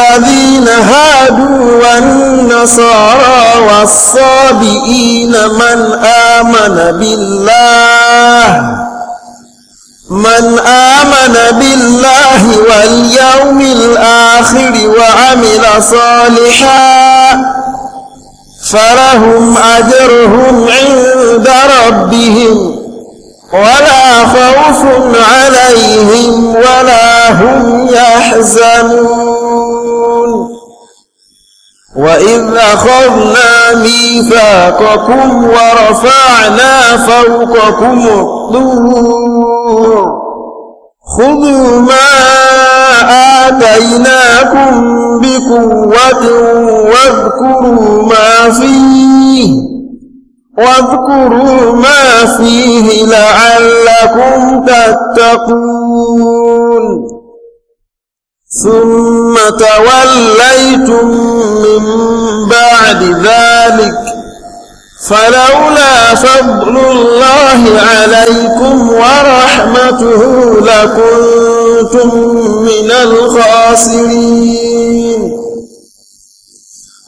الذين هادوا والنصارى والصابئين من آمن بالله من آمن بالله واليوم الآخر وعمل صالحا فلهم أجرهم عند ربهم ولا خوف عليهم ولا هم يحزنون وإذ أخذنا ميثاقكم ورفعنا فوقكم الطور خذوا ما آتيناكم بقوة واذكروا ما فيه واذكروا ما فيه لعلكم تتقون ثم توليتم من بعد ذلك فلولا فضل الله عليكم ورحمته لكنتم من الخاسرين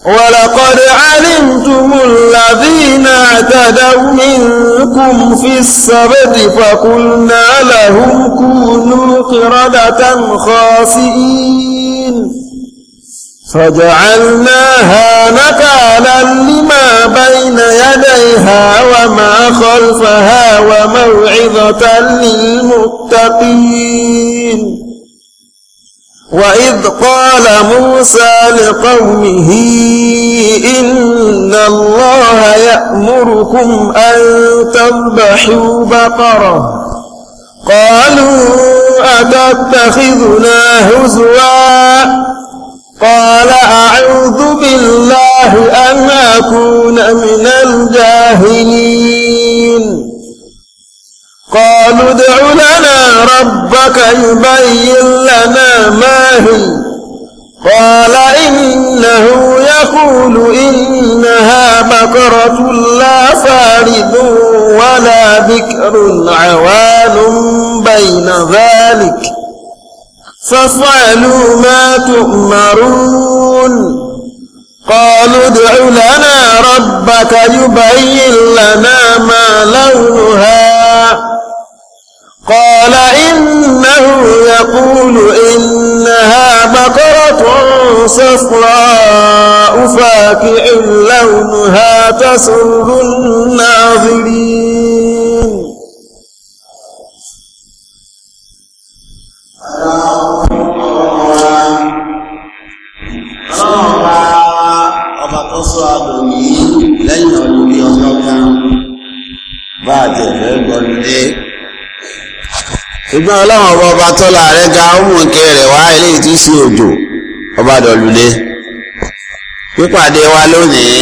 ولقد علمتم الذين اعتدوا منكم في السبت فقلنا لهم كونوا قردة خاسئين فجعلناها نكالا لما بين يديها وما خلفها وموعظة للمتقين وإذ قال موسى لقومه إن الله يأمركم أن تذبحوا بقرة قالوا أتتخذنا هزوا قال أعوذ بالله أن أكون من الجاهلين قالوا ادع لنا ربك يبين لنا ما هي قال إنه يقول إنها بقرة لا فارد ولا بكر عوان بين ذلك فافعلوا ما تؤمرون قالوا ادع لنا ربك يبين لنا ما لونها قال إنه يقول إنها بقرة صفراء فاكع لونها تسر الناظرين Báàjẹ̀ fẹ́ gbọ́n lé ṣùgbọ́n ọlọ́run ọba ọba tọ́lá rẹ̀ ga ọmọ nǹkan rẹ̀ wá eléyìí òjò ọba pípàdé wa lónìí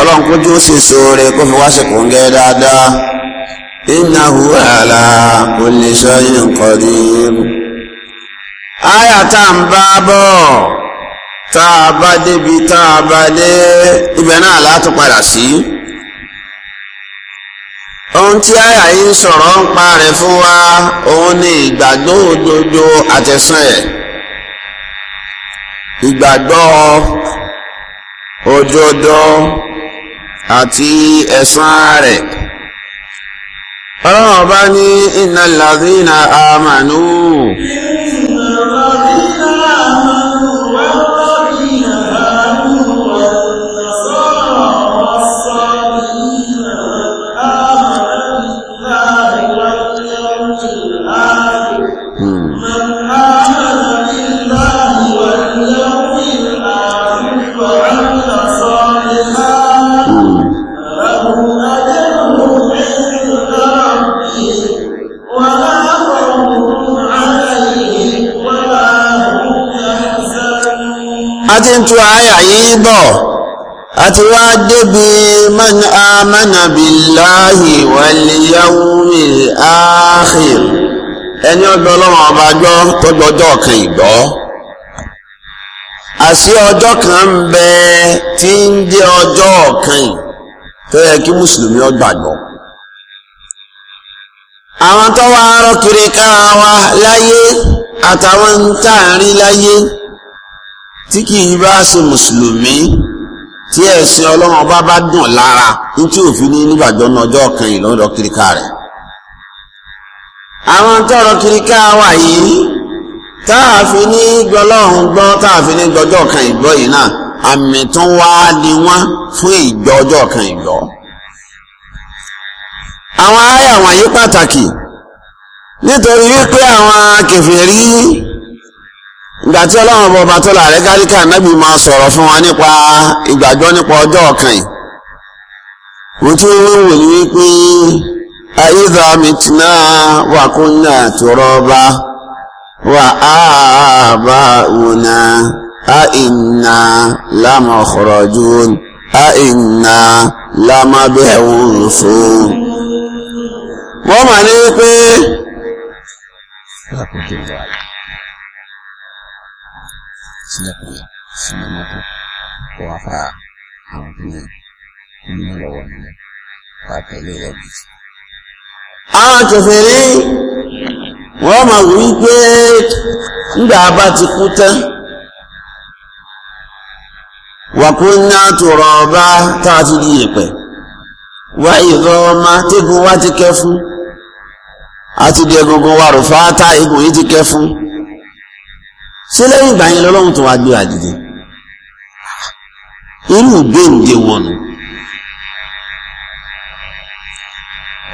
ọlọ́run kó tó ṣe sóore kó fi wá ṣe dáadáa ala kulli shay'in qadir. àyà tá à ń bá bọ̀ tá a bá débi tá a bá dé ibẹ̀ náà Si. ohun tí àyà yìí ń sọ̀rọ̀ ń pa rẹ̀ fún wa òun ni ìgbàgbọ́ òdodo àtẹ̀sán ẹ̀ ìgbàgbọ́ òdodo àti ẹ̀san rẹ̀ ọlọ́run bá ní innal ladhina a ti ń tu àyà yìí bọ̀ a ti wá débi man amana billahi wal yawmil akhir ẹni ọgbọ́n ọlọ́run ọba gbọ́ tọ́jú ọjọ́ kan ìgbọ́ àṣé ọjọ́ kan ń bẹ tí ń jẹ́ ọjọ́ kan tó yẹ kí mùsùlùmí ó àwọn tó wá rọ́ kiri ká wa láyé àtàwọn ń tà rí láyé tí kì í bá ṣe mùsùlùmí tí ẹ̀sìn ọlọ́run ọba bá dùn lára ní tí òfin ní nígbàjọ́ náà ọjọ́ kan yìí lọ́dọ̀ kíríkà rẹ̀. àwọn tọrọ kíríkà wà yìí tá a fi ní gbọlọ́run gbọ́ tá a fi ní gbọjọ́ kan ìgbọ́ yìí náà àmì tó wá ni wọ́n fún ìgbọ́ ọjọ́ kan ìgbọ́. àwọn aráyà wọ̀nyí pàtàkì nítorí wípé àwọn kèfèrí ìgbà tí ọlọ́run ọba tó là rẹ̀ gáríkà nábì máa sọ̀rọ̀ fún wa nípa ìgbàgbọ́ nípa ọjọ́ ọ̀kan yìí mo tún wíwò ní wípé ayíza mìtìnà wà kúnlẹ̀ àtúrọ́ba wà áàbà ònà àìnà lámà ọ̀kọ̀rọ̀jú àìnà lámà bẹ̀rùn fún. wọ́n mà ní wípé. sílẹ̀kùn sínú mọ́tò ó wá fa àwọn ka lè nínú lọ́wọ́ nílẹ̀ wá tẹ̀lé rẹ̀ bì. àwọn kèfèrí wọ́n máa wí pé nígbà ti kú tán wàkúnyá tòrọ̀ ọba tá a ti ṣé lẹ́yìn ìgbà yẹn lọ́lọ́run tó wá gbé wa dìde irú gbèǹde wọnù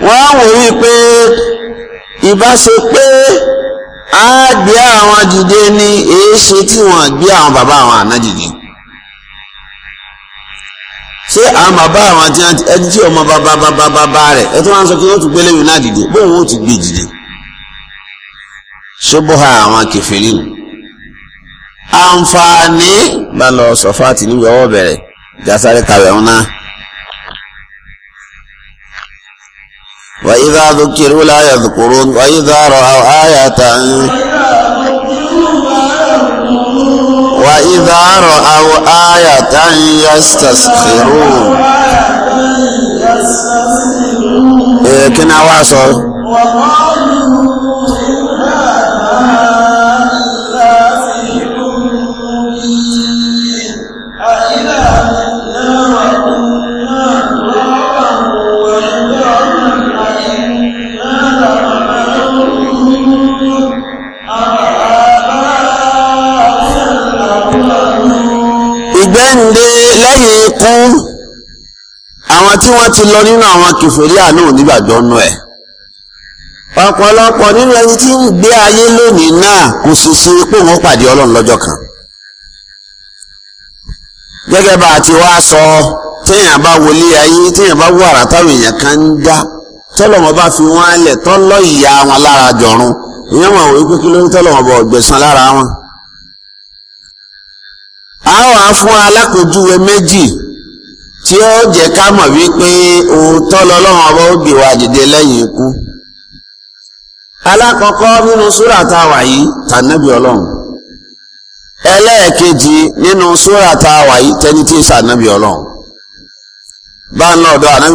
wọ́n á wò wí pé ìbá ṣe pé á gbé àwọn dìde ní èéṣe tí wọ́n gbé àwọn bàbá àwọn àná dìde ṣé àwọn bàbá àwọn àti ẹni tí ọmọ bàbá bàbá bàbá rẹ̀ ẹ tó wá ń sọ pé wọ́n tún gbélé mi náà dìde bóun ó ti gbé dìde ṣé bó ha àwọn kẹfẹ́ nínú. àǹfààní bá lọ sọfọ àti níwèé ọwọ́ bẹ̀rẹ̀ jásáré kàwé ọ̀hún náà. وإذا ذكروا لا يذكرون وإذا رأوا آية وإذا رأوا آية يستسخرون إيه كنا واصل وقالوا lẹ́yìn ikú àwọn tí wọ́n ti lọ nínú àwọn kẹfẹ́rí àná onígbàgbọ́ nù ẹ̀ ọ̀pọ̀lọpọ̀ nínú ẹni tí ń gbé ayé lónìí náà kò sì ṣe pé wọ́n pàdé ọlọ́run lọ́jọ́ kan gẹ́gẹ́ bá a ti wá sọ téèyàn bá wọlé ayé téèyàn bá wọ àrà èèyàn kan ń dá fi wọ́n lẹ̀ tọ́lọ́ ìyá wọn lára jọ̀run ìyẹn wọn kí ló ń a wà fún alákòójúwe méjì tí ó jẹ́ ká mọ̀ wípé òótọ́ lọ́lọ́run ọba wa dìde lẹ́yìn ikú alákọ̀ọ́kọ́ nínú súrà tá a wà yìí tànábì ọlọ́run ẹlẹ́ẹ̀kejì nínú súrà tá a wà yìí tẹni tí ń bá ń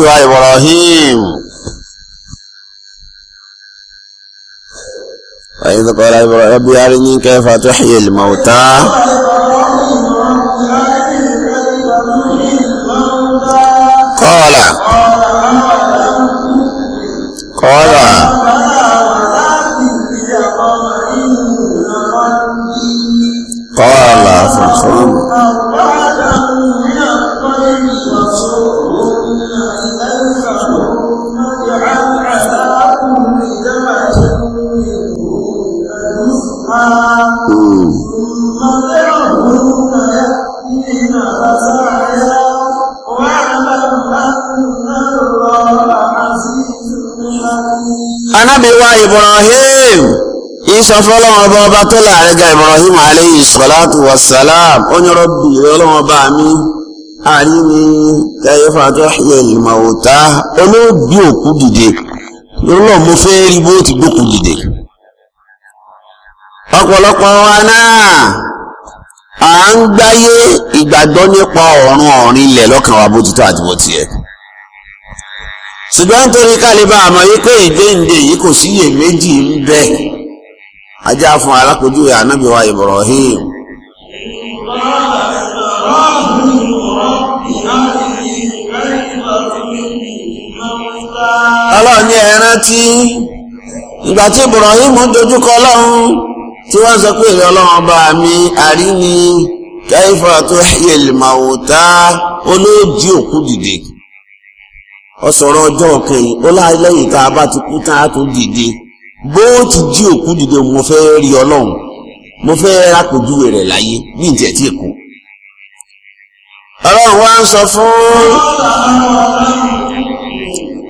wa olha ibrahim ìsọfún ọlọ́run ọba ọba tó láàrin ga ibrahim aleyhi salatu wa salam onye rọ́bì ọlọ́run ọba mi àríní kẹfà tó ṣẹlẹ̀ ìmọ̀ọ́ta olóògbé òkú dìde lọ́lọ́ mo fẹ́ rí bó dìde ọ̀pọ̀lọpọ̀ wa náà à ń gbáyé ìgbàgbọ́ nípa ọ̀run ṣùgbọ́n nítorí kálíbà àmọ́ wípé ìgbéǹde yìí kò sí iye méjì ń bẹ ajá fún alákòjúwe ànábì wa Ibrahim. ọlọ́run ní ẹran rántí ìgbà tí Ibrahim dojúkọ ọlọ́run tí wọ́n sọ pé èrè ọlọ́run ọba mi àrí ni kaifa tuhyil mauta olóòjì òkú dìde. ọsọrọ ọjọ́ kẹyìn ó láì lẹ́yìn tá a bá ti kú tá a tó dìde bó ti jí òkú dìde mo fẹ rí ọlọ́run mo fẹ́ rápòjúwe rẹ̀ láyé n tí èkó. ọlọ́run wá ń sọ fún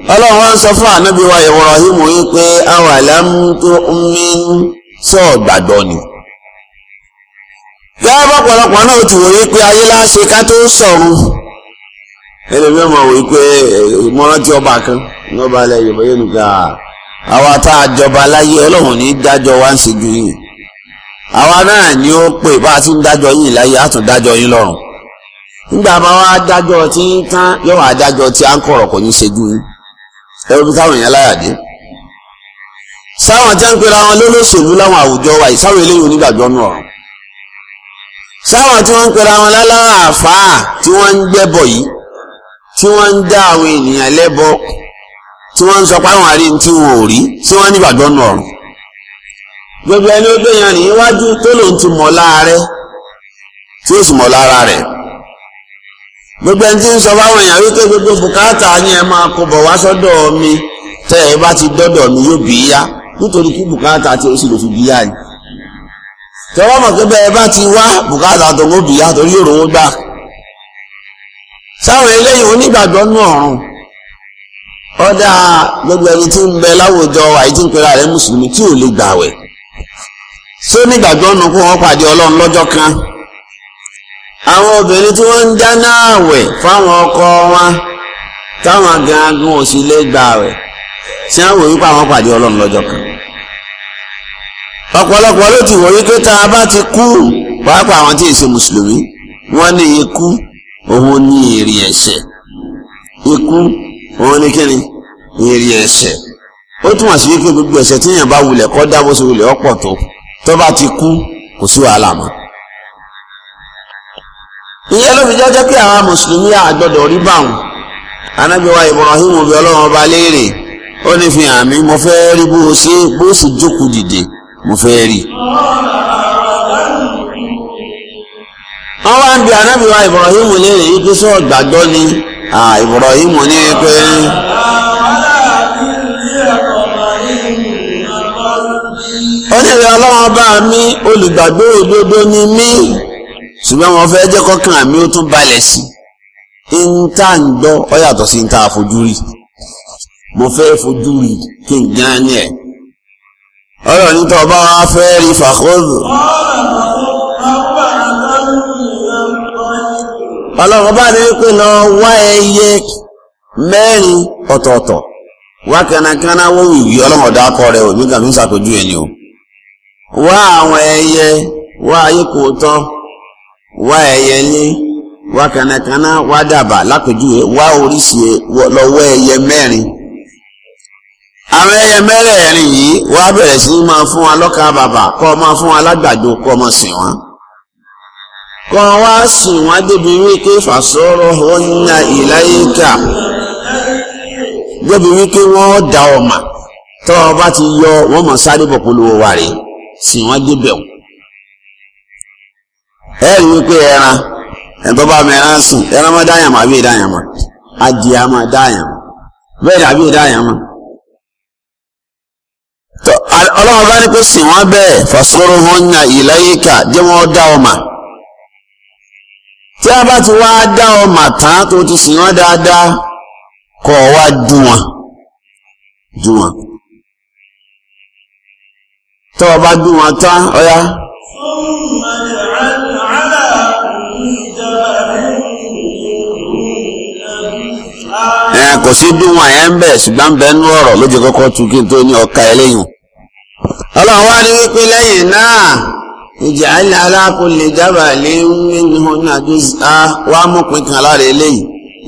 nwere wá ń sọ fún wa pé àwọn àlámú tó ń mí ni gẹ́gẹ́ bọ́pọ̀lọpọ̀ náà ti wòye pé ẹlẹ́mi ọmọ wòye pé mọ́rántí ọba kan ní ọba alẹ́ yorùbá yóò nìkan àwa tá a jọba láyé ọlọ́run ní dájọ́ wa ń ṣe ju yìí àwa náà ni ó pè bá ti ń dájọ́ yìí láyé á dájọ́ yìí lọ́run nígbà bá wa dájọ́ tí ń tán yóò wá tí à ń kọ̀rọ̀ kò ní ṣe ju yìí ẹ̀rọ bí táwọn sáwọn ń pera wọn lólóṣèlú láwọn àwùjọ wa sáwọn tí wọ́n ń dá àwọn ènìyàn lẹ́bọ tí wọ́n ń sọ pé àwọn àárín tí ò rí tí wọ́n nígbàgbọ́ nù ọ̀rùn. gbogbo ẹni ó gbé yan níwájú tó lòun ti mọ̀ láàárẹ̀ tí ó sì mọ̀ lára gbogbo ẹni tí ń sọ fáwọn èèyàn wípé gbogbo bùkátà ni ẹ máa kó bọ̀ wá sọ́dọ̀ mi tẹ́ ẹ bá ti dọ́dọ̀ mi yóò bí yá nítorí kí bùkátà tí sì fi bí yá ni. tọ́wọ́ mọ̀ pé bẹ́ẹ̀ sáwọn eléyìí onígbàgbọ́ nù ọ̀run ọ̀dà gbogbo ẹni tí ń bẹ láwùjọ àyè tí ń pera rẹ̀ mùsùlùmí tí ò lè gbàwẹ̀ tí ó nígbàgbọ́ nù kó wọ́n pàdé ọlọ́run lọ́jọ́ kan àwọn obìnrin tí wọ́n ń já náà wẹ̀ fáwọn ọkọ wọn táwọn gangan ò sì lè gbàwẹ̀ tí wọ́n wò wípé àwọn pàdé ọlọ́run lọ́jọ́ kan ọ̀pọ̀lọpọ̀ ló ti wọ̀ wípé tá a bá ti kú pàápàá àwọn tí ì òun ní èrè ẹ̀ṣẹ̀ ikú òun ní kíni èrè ẹ̀ṣẹ̀ ó túmọ̀ sí wípé gbogbo ẹ̀ṣẹ̀ tí èèyàn bá wulẹ̀ kọ́ dá bó wulẹ̀ ọ̀pọ̀ tó tó bá ti kú kò sí wàhálà mọ́. ìyẹn ló jẹ́jẹ́ pé àwọn mùsùlùmí àgbọ̀dọ̀ rí báwọn Ibrahim ọlọ́run ọba léèrè ó ní fi hàn mí mo fẹ́ rí bó wọ́n wá ń bi anábì wa Ibrahim léèrè yìí pé sọ́ọ̀ gbàgbọ́ ni Ibrahim ní pé. onírè ọlọ́wọ́n bá mi olùgbàgbọ́ òdodo ni mí ṣùgbọ́n wọn fẹ́ jẹ́ kọ́kàn mi ó tún balẹ̀ sí i ń tá à ń gbọ́ ọ yàtọ̀ sí ń tá a rí mo fẹ́ fojú rí kí n gán ni ẹ̀ ọ̀rọ̀ nítorí ọba wa fẹ́ rí fàkóòdù. ọlọ́run bá ní wípé lọ wá ẹyẹ mẹ́rin ọ̀tọ̀ọ̀tọ̀ wá kánakáná wọ́n yí ọlọ́run ọ̀dà akọ rẹ̀ òbí kan ẹni o wá àwọn ẹyẹ wá ayékòótọ́ wá ẹyẹ ní wá kánakáná wá dàbà lápèjúwe wá oríṣi e, lọ́wọ́ ẹyẹ mẹ́rin àwọn ẹyẹ mẹ́rẹ̀ẹ̀rin yìí wá bẹ̀rẹ̀ sí máa fún wa lọ́kà bàbà kọ́ máa fún wa lágbàdo kọ́ máa sìn kọwaa wá sùn wá da ti yọ sáré wa rè wọ́n débẹ̀ o. ẹ rí wípé ẹran ẹ̀tọ́ bá mi ẹran sùn ẹran máa dáyàmọ̀ àbí ìdáyàmọ̀ adìyà máa dáyàmọ̀ bẹ́ẹ̀ ni àbí si wọ́n bẹ́ẹ̀ fàṣọrọ̀ ọ̀nà ìláyéka jẹ́ wọ́n tá a bá ti wá dá ọ màtá tó ti sìn wọn dáadáa kọ ọ wá dù wọn dù wọn tọ́ ọ bá dù wọn tán kò sí dùn wọn yẹn ń bẹ ṣùgbọ́n ń bẹ ọ̀rọ̀ ló kọ́kọ́ tó ní ìjàlá alákòlè jábàlẹ̀ ńlẹ́hónà jùzá wá mọ̀pin kan lára eléyìí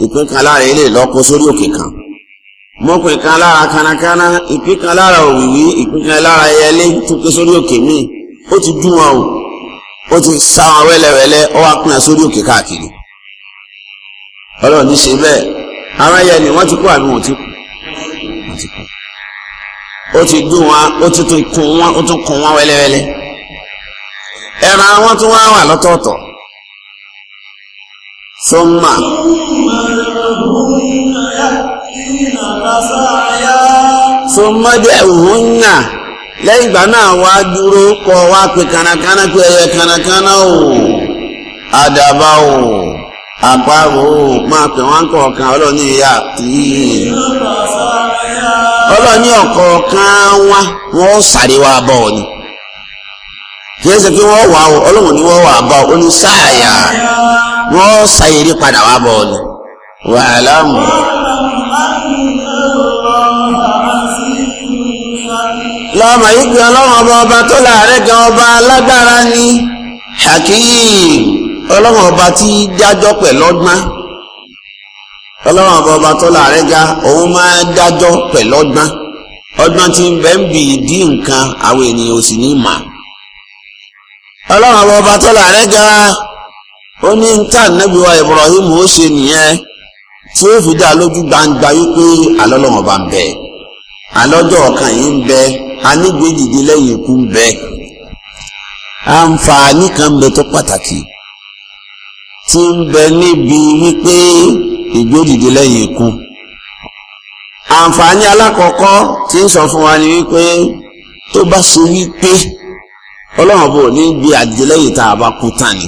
ìpín kan lára eléyìí lọ́kọ́ sórí òkè kan mọ̀pin kan lára kanakana ìpín kan lára òwìwí ìpín kan lára ẹyẹlé tó ké sórí òkè ti dún wọn o ó ti sá wọn wẹ́lẹ́wẹ́lẹ́ ó wá pín sórí òkè káàkiri ọlọ́run ní ṣe bẹ́ẹ̀ ara ni wọ́n ti kú àbí ti kú ó ti dún wọn ó ẹran àwọn tó wá wà lọ́tọ̀ọ̀tọ̀ tó ń mà. tó mọ́jẹ́ dị lẹ́yìn ìgbà náà wá dúró kọ́ wá pe kànákànná pé ẹyẹ kànákànná o àdàbà o àparò o máa pè wọ́n kọ̀ọ̀kan ọlọ́ọ̀ni ìyá àti ọlọ́ọ̀ni ọ̀kọ̀ọ̀kan wá wọ́n bọ̀ ni. kìí ṣe pé wọ́n wà ó ọlọ́run ni wọ́n wà bọ́ ó ní sáàyà wọ́n ṣàyèrè padà wá bọ̀ ni wàhálà ọba ọba tó ọba alágbára ni hakeem ọlọ́run ọba tí dájọ́ pẹ̀lú ọgbọ́n ọlọ́run ọba ọba tó láàárẹ̀ òun máa dájọ́ ọgbọ́n bì í dín nǹkan ọlọ́run àwọn ọba tó láàrẹ́ ga ó ní níta nẹ́bí wa Ibrahim ó ṣe nìyẹn tí ó fi dá lójú gbangba alọ́lọ́run ọba ń bẹ alọ́jọ́ ọ̀kan yìí ń bẹ lẹ́yìn ikú ń bẹ àǹfààní kan ń bẹ tó pàtàkì tí ń bẹ níbi wípé lẹ́yìn ikú àǹfààní alákọ̀ọ́kọ́ tí ń sọ fún wa ni wípé ọlọ́run bò ní gbé àdìlẹ́yìn tá a bá kú tán ni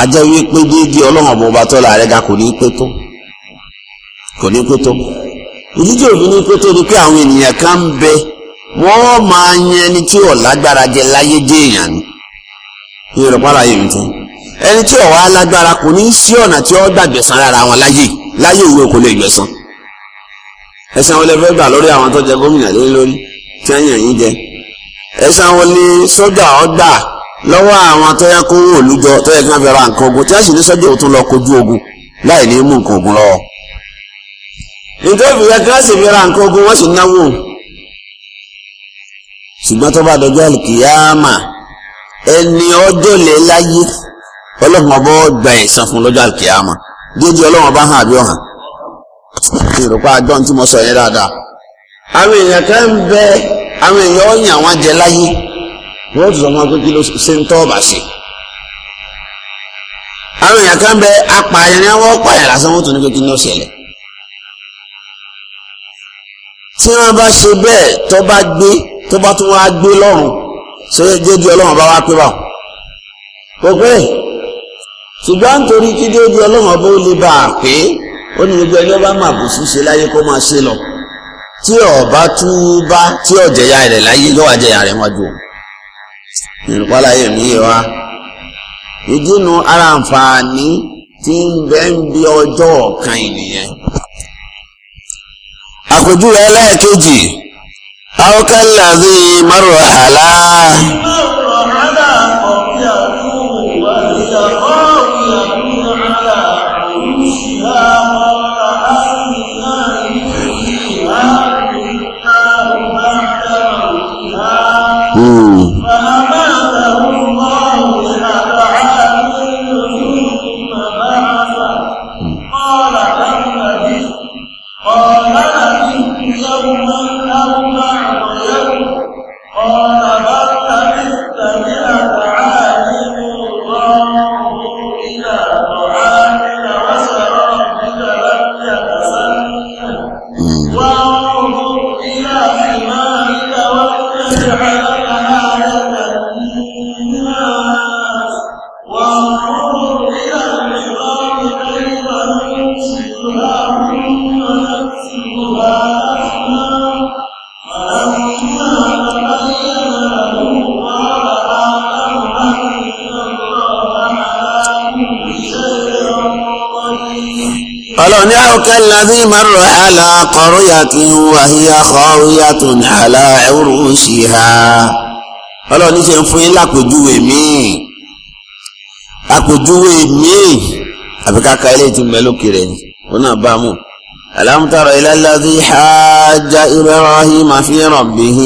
ajẹ́ wípé déédéé ọlọ́run tọ́lá rẹ̀ ga kò ní pé tó kò ní pé tó ìdíje òfin ní pé tó ni pé àwọn ènìyàn kan bẹ wọ́n máa yan ẹni tí ò lágbára jẹ láyé èèyàn ni yóò rẹ̀ pàrọ̀ ayé mi ẹni tí ò wá kò ní sí ọ̀nà tí ó wọn láyé láyé ìwé kò lè ẹ̀san wo ni sójà ọgbà lọwọ àwọn tó yẹ kó wò lújọ tó yẹ kí wọ́n nǹkan ogun tí wọ́n sì ní sójà ò tún lọ kojú ogun láì ní mú nǹkan ogun lọ́wọ́ nítorí ìyá kí sì fi wọ́n sì náwó ẹni ọjọ́ lè láyé ọlọ́run ọba fún lọ́jọ́ àlùkìyàmà àwọn èèyàn ọ̀yìn àwọn jẹ láyé wọ́n tún sọ fún wa pé kí ló ṣe ń tọ́ ọ̀bà sí. àwọn èèyàn kan bẹ apààyàn ni àwọn ọ̀pààyàn lásán wọ́n tún ní pé kí ni ó ṣẹlẹ̀. tí wọ́n bá ṣe bẹ́ẹ̀ tó bá gbé tó bá tún wá gbé lọ́rùn sóyè déédéé ọlọ́run bá wá pé báwọn. kò pé ṣùgbọ́n nítorí kí déédéé ọlọ́run ọba ó lè bá tí ọba túbá tí ọjẹyà rẹ̀ láyé yóò wá jẹyà rẹ̀ wájú òun ìrùpáláyé mi yé wa ìdínú ara àǹfààní tí ń bẹ ń bí ọjọ́ ọ̀kan ènìyàn. àpèjúwe ẹlẹ́ẹ̀kejì àwòkẹ́lẹ́dì márùn àlá. márùn àlá ọ̀bí àdúgbò wà ní Ooh. ọlọ́run ní àwòkẹ́ ladí marra ala qaryatin wa hiya khawiyatun ala urushiha ọlọ́run ní ṣe ń fún yín lápèjúwe míì àpèjúwe míì àbí káka ilé tí mbẹ lókè rẹ ni wọn náà bá mú. alam tara ila alladhi hajja ibrahima fi rabbih.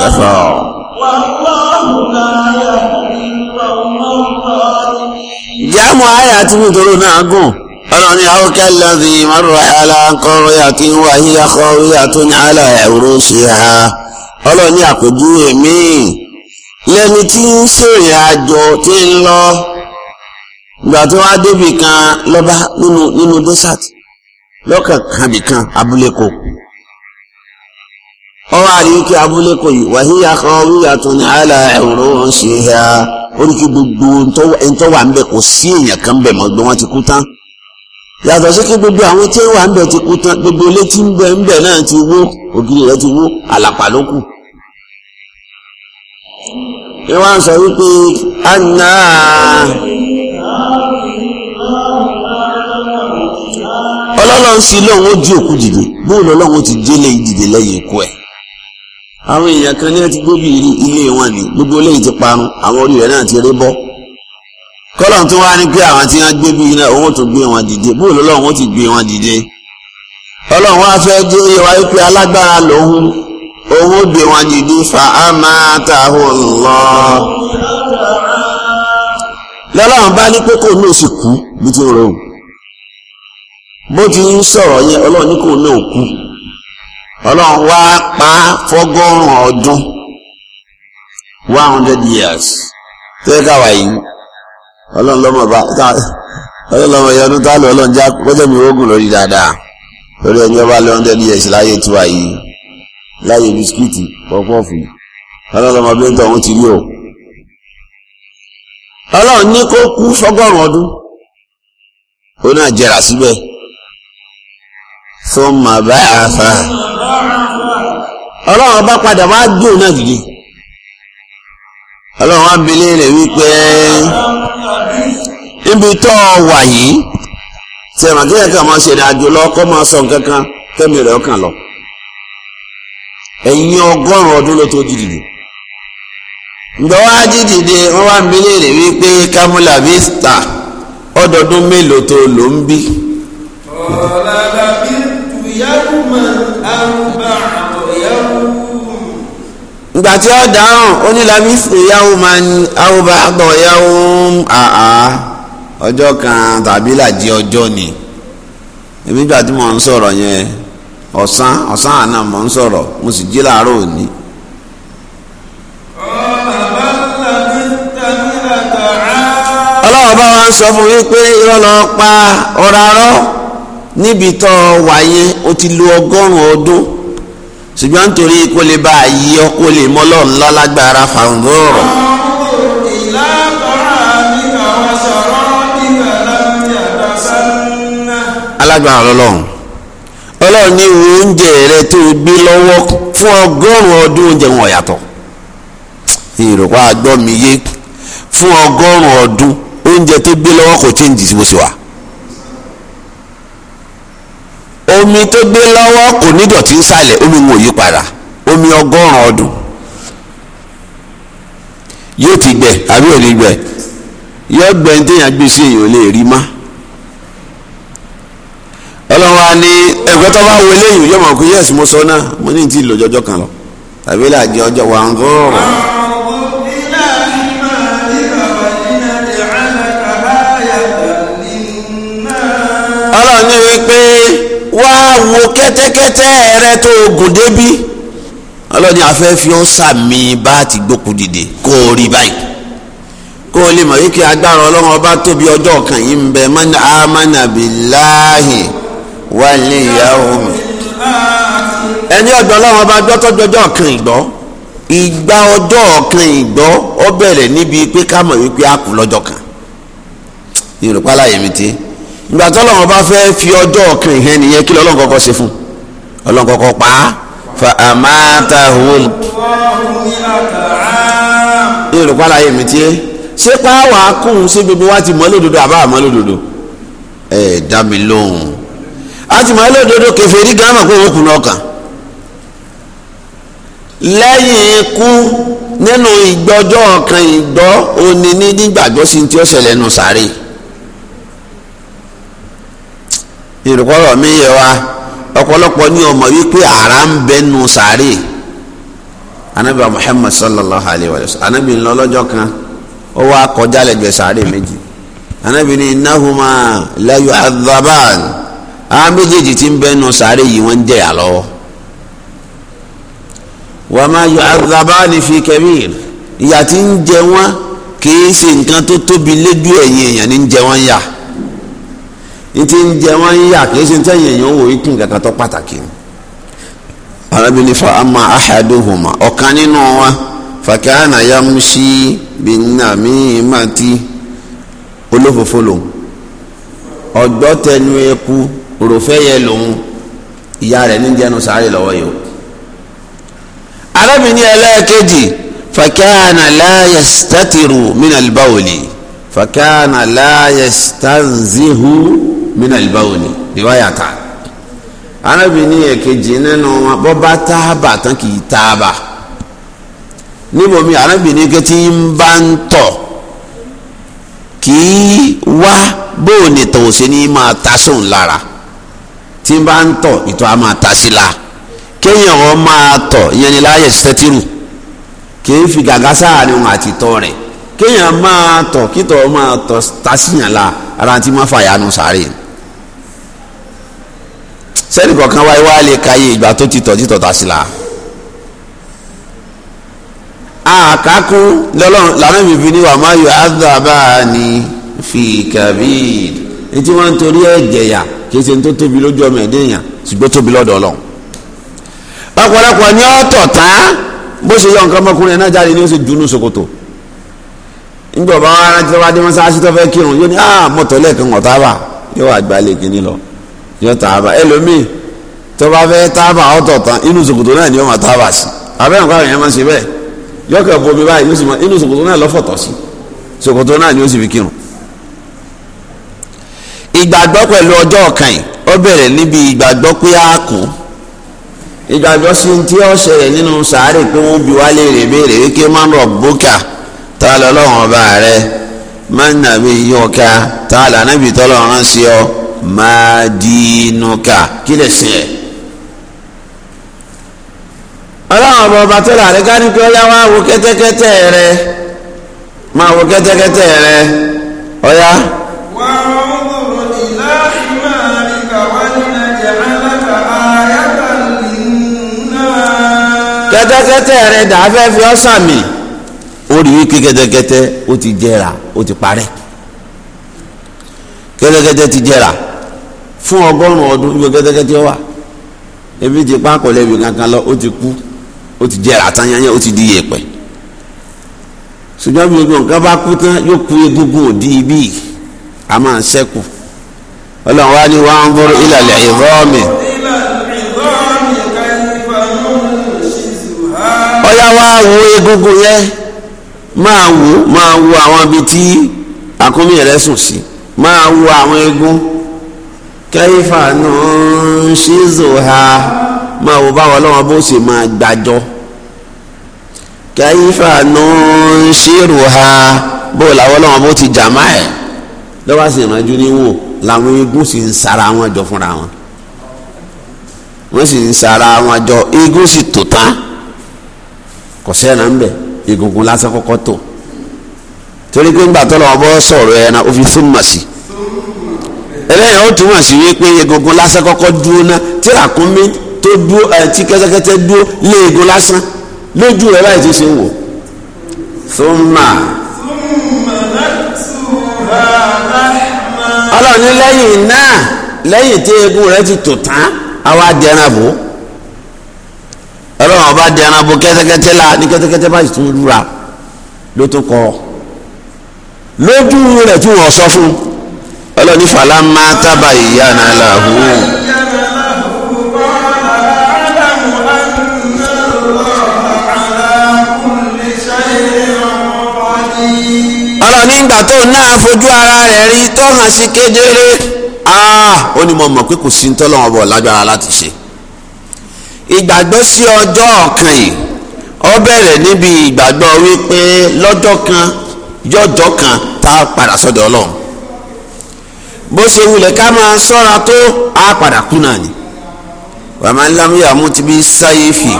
كفر jáàmù àyà tí mo dòrò náà gùn ọlọ́ni àwòkẹ́ lọ́dí mọ́rọ̀ aláǹkọ́rọ̀ yà tí ń wà yíyá kọ́rọ̀ yà tó ní àlọ́ ẹ̀rọ ṣe ha ọlọ́ni àpèjúwe míì lẹ́ni tí ń ṣèrìn àjò tí ń lọ ìgbà tó wá débì kan lọ́ba nínú nínú desert lọ́kàn kan bìkan abúlé kò ọwọ́ àríkí abúlé kò yìí ya akọ wíyàtọ̀ ní àlà ẹ̀rọ ṣe ya oríkì gbogbo ẹ̀ńtọ́ wà ń bẹ̀ kò sí èèyàn kan bẹ̀ mọ́ wọn ti kú tán yàtọ̀ sí kí gbogbo àwọn tí wà ti kú tán gbogbo ti wó ògiri ti wó àlàpà ló kù. sọ wípé lóun ó jí òkú dìde bóun lọ́lọ́run ti délé lẹ́yìn ikú àwọn èèyàn kan ní ẹ ti gbóbi rí ilé wọn ni gbogbo eléyìí ti parun àwọn orí rẹ̀ náà ti rí bọ́ kọlọ̀ tó wá ní pé àwọn tí wọ́n gbé bíi náà òun tó gbé wọn dìde bóòlù ọlọ́run ó ti gbé wọn dìde ọlọ́run wá fẹ́ dé oyè wáyé pé alágbára lòun òun ó gbé wọn dìde fa amátahù lọ. lọ́lọ́run bá ní pé kò ní òsì kú bí ti ń rò ó bó ti ń sọ̀rọ̀ yẹn ọlọ́run ní kò ní òkú ọlọ́run wá pa fọ́gọ́rùn-ún ọdún one hundred years tẹ́lẹ̀ káwa yìí ọlọ́run lọ́mọ bá ọlọ́run lọ́mọ yẹn ọdún táàlù ọlọ́run já kọjá mi ogun lórí dáadáa lórí ẹni ọba lé hundred years láyé tiwa yìí láyé bisikíìtì pọ́pọ́ọ̀fù ọlọ́run lọ́mọ bí ń tọ́ ọ̀hún ti rí o ọlọ́run ní kó kú fọ́gọ́rùn ọdún ó náà jẹrà síbẹ̀ fún màbá àfà ọlọ́run bá padà wá dùn náà gidi ọlọ́run wá bi léèrè wípé níbi tó wà yìí sẹ̀mà kí ẹ̀ka máa ṣe ìrìnàjò lọ kó máa sọ nǹkan kan kẹ́mi rẹ̀ ọkàn lọ ẹ̀yìn ọgọ́rùn-ún ọdún ló tó jìdìdì ǹjọ́ wá jìdìdì wọ́n wá ń bi léèrè wípé kamula vista ọdọọdún mélòó tó lò ń bí. ọ̀la làbí àrùbà ìgbà tí ó dáhùn ó ní lamísìlè yahoo máa ń àwòbá àgbọ̀ yahoo àá ọjọ́ kan tàbí làjẹ́ ọjọ́ ni èmi gbà tí mò ń sọ̀rọ̀ yẹn ọ̀sán ọ̀sán àná mò ń sọ̀rọ̀ mo sì jí làárọ̀ òní. ọlọ́wọ́ bá wa ń sọ fún mi pé irọ́ pa ọ̀rọ̀ arọ́ níbi tó wáyé o ti lo ọgọ́rùn-ún ọdún ṣùgbọ́n nítorí kó lè bá a yí ọ kó lè mọ́ lọ́n lálágbára fàǹdọ́rọ̀. alágbára lọ́lọ́run ọlọ́run ní oúnjẹ rẹ tó gbé lọ́wọ́ fún ọgọ́rùn-ún ọdún oúnjẹ wọn yàtọ̀ ìrọ̀pá gbọ́ mi yé fún ọgọ́rùn-ún ọdún oúnjẹ tó gbé lọ́wọ́ kò change bó ṣe wà. omi tó gbé lọ́wọ́ kò ní dọ̀tí nsàlẹ̀ omi wọn omi ọgọ́rùn ọdún yóò ti gbẹ àbí ò ní gbẹ yóò gbẹ ní téèyàn gbé sí èèyàn lè rí má ọlọ́run ní ẹ̀kọ́ tó bá wo eléyìí yóò yẹ́sì mo sọ náà mo ní ti lò kan lọ tàbí láàjẹ ọjọ́ wa ń ọ̀rọ̀. wá wo kẹ́tẹ́kẹ́tẹ́ rẹ tó gùn débi ọlọ́ni afẹ́ fi ọ́ sàmì bá ti gbókù dìde kó o rí báyìí kó o lè mọ̀ agbára ọlọ́run ọba tóbi ọjọ́ kan yìí ń bẹ mọ́nà amánà bíláhì wà ẹni kan ìgbọ́ ìgbà ọjọ́ kan ìgbọ́ bẹ̀rẹ̀ níbi pé ká mọ̀ wípé kan. ìgbà tó lọ́wọ́ bá fẹ́ fi ọjọ́ kan hàn nìyẹn kí lọ́lọ́run kọ́kọ́ ṣe fún ọlọ́run kọ́kọ́ pa á fa àmàtà hùn. èrò pàlàyé mi tiẹ́ ṣé pàwọ́ akóhun ṣé gbogbo wa ti mọ̀ lódodo àbá àmọ́ lódodo ẹ̀ dá mi lóhùn a ti mọ̀ lódodo kèfèrí gánà pé òun kùnà ọkàn lẹ́yìn ikú nínú ìgbọ́jọ́ ọkàn ìgbọ́ òní ní nígbàgbọ́ sí ti ọ̀sẹ̀ lẹ́nu sáré. ìrùkọ́rọ̀ mi yẹ wa ọ̀pọ̀lọpọ̀ ní ọmọ wípé ara ń bẹnu sàárè anabi muhammad sallallahu alayhi wa sallam anabi ní lọ́jọ́ kan ó wá kọjá lẹ́gbẹ̀ẹ́ sàárè méjì anabi ní innahuma la yu'adhaban àwọn méjèèjì tí ń bẹnu sàárè yìí wọ́n ń jẹ̀yà lọ́wọ́ wa ma yu'adhabani fi kabir ìyà tí ń jẹ wọ́n kì í ṣe nǹkan tó tóbi lójú ẹ̀yìn èèyàn ní ń jẹ wọ́n yà ntí ń jẹ wọn yíyà kì í ṣe tẹ́yìn èèyàn wò ikú kankan tó pàtàkì arábìnrin fa ama ahaduhuma ọ̀kan nínú wa fàkàánà yamshi binnamimati olófòfó lòun ọ̀gbọ́ tẹnu eku òròfẹ́ yẹ lòun ìyá rẹ̀ ní jẹnu sáré lọ́wọ́ yìí o arábìnrin ẹlẹ́ẹ̀kejì fàkàánà la yastatiru min al-bawli fàkàánà la yastanzihu mina libawoni riwaya ta arábìnrin ẹ̀kejì nínú wọn bọ́ bá táàbà tán kì í táàbà níbo mi arábìnrin kẹ́ tí ń bá ń tọ̀ kì í wá bóòní tọ̀wọ̀ sí ni máa ta sóun tí ń bá ń tọ̀ ìtọ̀ á máa ta la kéèyàn ọ máa tọ̀ ìyẹn ni láàyè sẹ́tìrù kì í fi gàgá sáàárín òun àti tọ̀ rẹ̀ kéèyàn máa tọ̀ kítọ̀ máa tọ̀ ta síyàn la ara tí wọ́n fàyà nù sáré yìí sẹ́ni kọ̀ọ̀kan wáyé wá lè káyé ìgbà tó ti tọ̀jú tọ̀tà sí la. àkákú lọ́lọ́run lànà mi fi ní wà má yọ àdàbà ni fi kabir ní tí wọ́n ń torí ẹ̀jẹ̀ yà kì í ṣe tó tóbi lójú ọmọ ẹ̀dẹ́ yàn ṣùgbọ́n tóbi lọ́dọ̀ ọlọ́run. ọ̀pọ̀lọpọ̀ ni ọ́ tọ̀ tá bó ṣe yọ nǹkan ọmọkùnrin náà jáde ní ó ṣe dùnú ṣòkòtò nígbà bá wọn arántí tó bá dé mọ́sáàsì tó fẹ́ kírun yóò ní àmọ́tò ah, ọ̀tá wà yóò wà gbálẹ̀ kínní lọ yọ tààbà ẹlòmíì tó bá fẹ́ tààbà ọ̀tọ̀ tán inú ṣòkòtò náà ni yọ máa tààbà sí abẹ́rẹ́ nǹkan àwọn èèyàn máa ń ṣe bẹ́ẹ̀ yọ kẹ́ bomi báyìí yóò sì máa inú ṣòkòtò náà lọ́fọ̀tọ̀ sí ṣòkòtò náà ni ó sì fi kírun. ìgbàgbọ́ pẹ̀lú ọjọ́ ọ̀kan yìí ó bẹ̀rẹ̀ níbi ìgbàgbọ́ pé á kù ìgbàgbọ́ sí tí ó ṣẹlẹ̀ nínú sàárè pé wọ́n bi wálé rè béèrè máa dínúkà kí lè sìn ẹ́. ọlọ́run ọba ọba tó rà rẹ́ká ní pé ọyá wá wo kẹ́tẹ́kẹ́tẹ́ rẹ máa wo kẹ́tẹ́kẹ́tẹ́ rẹ ọyá. kẹ́tẹ́kẹ́tẹ́ rẹ dàá fẹ́ fi ọ́ sàmì ó rí i kí kẹ́tẹ́kẹ́tẹ́ ó ti jẹrà ó ti parẹ́ kẹ́tẹ́kẹ́tẹ́ ti jẹrà fún ọgọ́rùn ọdún ibi kẹ́tẹ́kẹ́tẹ́ wà ebi ti pa akọlẹ ibi kankan lọ ó ti kú ó ti jẹrà tanyanya ó ti di yẹ̀pẹ̀ ṣùgbọ́n gbogbo nǹkan bá kú tán yóò kú egungun òdi ibi a máa ṣẹ́kù ọlọ́run wá ní wàá ń bọ́rọ̀ ìlàlẹ̀ ìrọ́ọ̀mì. ọ̀yá wa wo egungun yẹn máa wo máa wo àwọn ibi tí àkúnmí rẹ̀ sùn sí. Si máa wo àwọn egun kẹ́yífà náà ṣíṣò ha máa wo báwọn ọlọ́wọ́n bó ṣe máa gbàjọ kẹ́yífà náà ṣírò ha bó làwọn ọlọ́wọ́n bó ti jàmá ẹ̀ lọ́wọ́ sì rànjú níwò làwọn egun sì ń sara wọn jọ fúnra wọn wọ́n sì ń sara wọn jọ egun sì tò tán kò sẹ́ẹ̀nà ń bẹ̀ egungun lásán kọ́kọ́ tó torí pé ńgbà tọ́lọ́ ọbọ̀ sọ̀rọ̀ ẹran ó fi fún mà sí eléyà ó túmọ̀ sí wípé egungun lásán kọ́kọ́ dúró ná tí ràkúnmí tó dúró tí kẹ́tẹ́kẹ́tẹ́ dúró lé egun lásán lójú rẹ̀ báyìí ti ṣe wò thumma. ọlọ́run ní lẹ́yìn náà lẹ́yìn tí egun rẹ̀ ti tò tán àwa dẹran bò ọlọ́run ọba dẹran bò kẹ́tẹ́kẹ́tẹ́ la ní kẹ́tẹ́kẹ́tẹ́ báyìí tún lura ló tún kọ́ ọ lójú rẹ̀ tí wọ́n sọ fún ọlọ́ni falama tábà ìyá náà làhù. ọlọ́ni ìgbà tó náà fojú ara rẹ̀ rí tọ́hàn sí kedere ah, ó ní mo mọ̀ pé kò sí ntọ́lọ́wọ́n bọ̀ lágbára láti ṣe ìgbàgbọ́ sí ọjọ́ ọ̀kan yìí ó bẹ̀rẹ̀ níbi ìgbàgbọ́ wípé lọ́jọ́ kan yọjọ́ kan tá a padà sọ́dọ̀ ọlọ́run bó ṣe wulẹ̀ ká máa ṣọ́ra tó a padà kú náà ni wàmà ńlámúyà mú ti bí sáyé fì.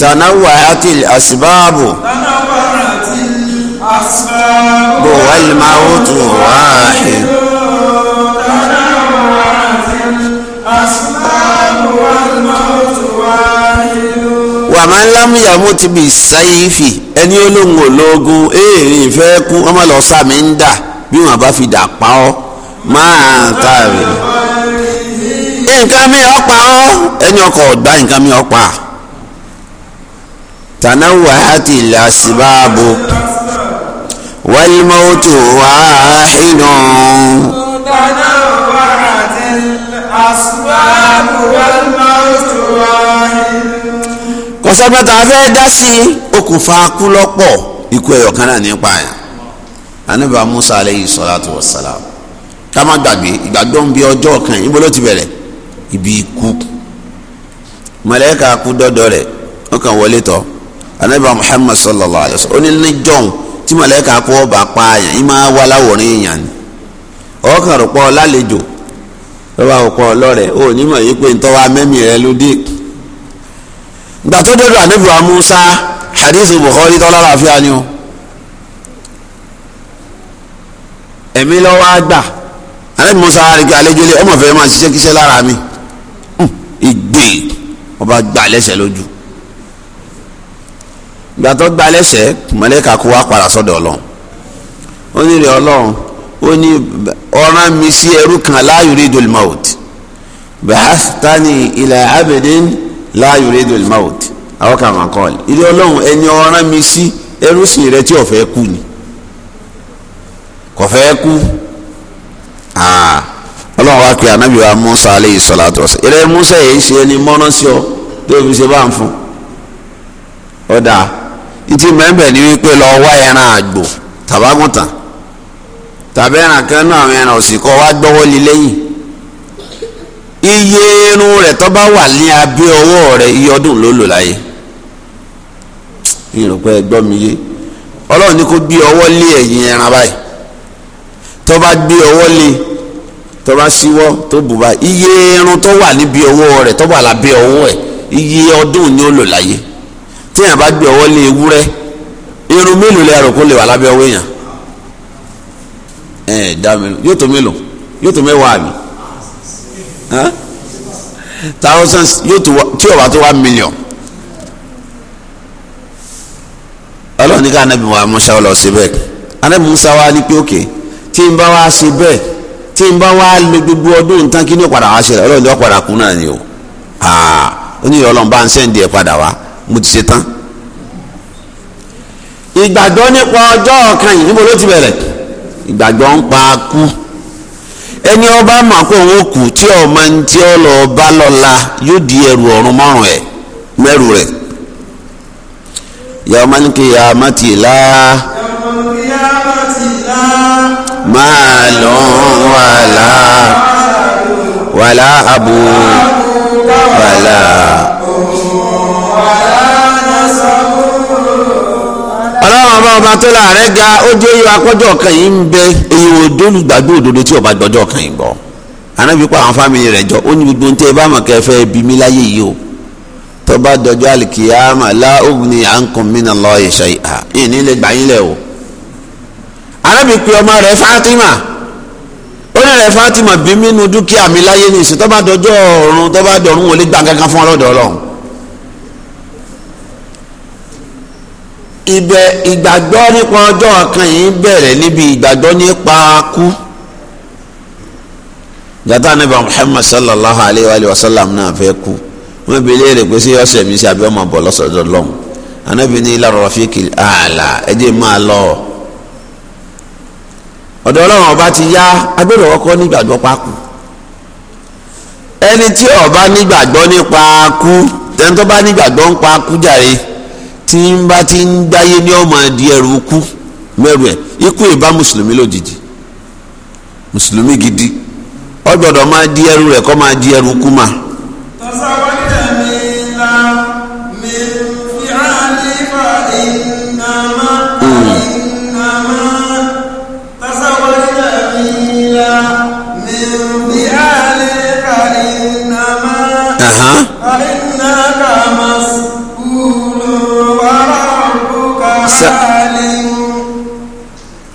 tanawa atil asibaabu. tanawa atil asibaabu. Bo wàlí máa wò tó tanawa atil asibaabu wáhìn. alámú yàmú ti bì sáyẹ́fì ẹni olóhùn ológun èèrè eh, ìfẹ́ kún ọmọ lọ sàmì ń dà bí wọn bá fi dà pa ọ́ máa ta rẹ̀. nǹkan mi ọ̀pá ọ́ ẹni ọkọ̀ ọ̀gbá nǹkan mi ọ̀pá. tànáwó àti fagbata afẹ́ dá sí okùnfà akú ikú ẹ̀yọ̀ kan náà nípa Musa aleyhi salatu wa salam ká má gbàgbé ìgbàgbọ́ ń bi ọjọ́ kan ibo ló ti bẹ̀rẹ̀ ibi ikú màláíkà kú dọ́dọ̀ rẹ̀ ó kàn wọlé tọ́ anábà Muhammad sallallahu alayhi wa sallam ní tí kú ọba máa wá láwòrán èèyàn ni ọkàn rò lálejò lọ́wọ́ àwòkọ́ ó ní mọ̀ pé rẹ ló dé gbà tó dé lu ànábì wa Musa hadithu Bukhari tọ́lá làáfíà ni o ẹ̀mí lọ́wọ́ àgbà ànábì Musa àríkà àlejò lé ọmọ fẹ́ máa ṣiṣẹ́ kíṣẹ́ lára mi ìgbé ọba gbà lẹ́sẹ̀ lójú gbà tó gbà lẹ́sẹ̀ mọ̀lẹ́kà kó wa padà sọ́dọ̀ ọlọ́run ó ní rẹ̀ ọlọ́run ó ní ọ̀ràn mi sí ẹrú kan la yuridul maut bàhásítánì ila abidin la yuridu al-maut àwọn kan máa kọ́ ọ ilé ọlọ́run ẹni ọ̀ràn mi sí ẹrú sìn rẹ tí ọ̀fẹ́ kú ni kọ̀fẹ́ kú ọlọ́run wa pe anabi wa musa aleyhi salatu wa sallam eré musa yìí ṣe ẹni mọ́nà sí ọ tó fi ṣe bá ń fún ọ̀dà ìtì mẹ́mbẹ̀ ni wípé lọ wá ẹran àgbò tàbágùntàn tàbí ẹran kan náà àwọn ẹran òsì kọ́ wá gbọ́wọ́ lé lẹ́yìn iye irun rẹ tọba wà ní abẹ́ ọwọ rẹ iye ọdún ló lò láyé ìrò pé gbọ́ mi yé ọlọ́run ní kó ọwọ́ lé ẹ̀yìn ẹran báyìí tọba bá gbé ọwọ́ lé tó bá tó bù bá iye irun wà níbi ọwọ́ rẹ̀ tó lábẹ́ ọwọ́ iye ọdún ni ó lò láyé bá gbé ọwọ́ lé ewúrẹ́ irun mélòó lè lè wà lábẹ́ ọwọ́ èèyàn dá thousands yóò tó tí ó bá tó one million ọlọ́run ní ká anabi wa musa lọ sí bẹ́ẹ̀ musa wa ní pé òkè tí n bá wa ṣe tí n bá wa lo gbogbo ọdún nǹkan kí ni ó padà wá ọlọ́run ní o ah, ó ní ọlọ́run bá ń sẹ́ǹdì ẹ̀ padà wá mo ti ṣe tán ìgbàgbọ́ nípa ọjọ́ ọ̀kan yìí níbo ló ẹni ọba mọ̀ kó òun kù tí ọmọ ntí ọlọ́ọ̀ba lọla yóò di ẹrù ọ̀run mọ́rùn ẹ̀ mẹ́rù rẹ̀ yàmá ní ya yàmá ti là máa lọ wàlà wàlà àbò wàlà. ọba tó láàrẹ́ ga ó jẹ́ yóò akọ́jọ́ kan yìí ń bẹ èyí ò dóni gbàgbọ́ òdodo tí ọba gbọ́jọ́ kan yìí gbọ́ anábì pa àwọn fámìlì rẹ̀ jọ ó ní gbogbo ní tẹ́ ẹ bá mọ̀ kẹ́ fẹ́ bí mi láyé yìí o tọ́ba dọjọ́ àlìkìyàmà láògùn ni à ń kún mí náà lọ́ọ́ ìṣe ìhà yìí ní ilé gbàyìn lẹ̀ o anábì pe ọmọ rẹ̀ Fatima ó ní rẹ̀ Fatima bí mi nu dúkìá mi láyé ní ìsìn tọ́ba dọjọ́ ọ̀run tọ́ba dọ̀run wọlé gbàǹkankan fún ọlọ́dọ̀ ọlọ́run ibẹ̀ ìgbàgbọ́ nípa ọjọ́ kan yìí bẹ̀rẹ̀ níbi ìgbàgbọ́ nípa kú jata anabi muhammad sallallahu alayhi wa sallam náà fẹ́ kú wọ́n bi léèrè pé sí ọ̀sẹ̀ mi sí abẹ́ ọmọ bọ̀ lọ́sọ̀dọ̀ lọ́hùn anabi ní ila rafiki àlà ẹjẹ́ máa lọ ọ̀dọ̀ ọlọ́run ọba ti yá agbẹ́rẹ́ ọkọ nígbàgbọ́ pákú ẹni tí ọba nígbàgbọ́ nípa kú ẹni tó bá nígbàgbọ́ ń pa kú jàre. tí ń bá ti ń dáyé ní ọmọ di ẹrù ikú mẹ́rù ẹ̀ ikú ìbá mùsùlùmí lójijì mùsùlùmí gidi ó gbọ́dọ̀ máa di ẹrù rẹ̀ kó máa di ẹrù ikú máa.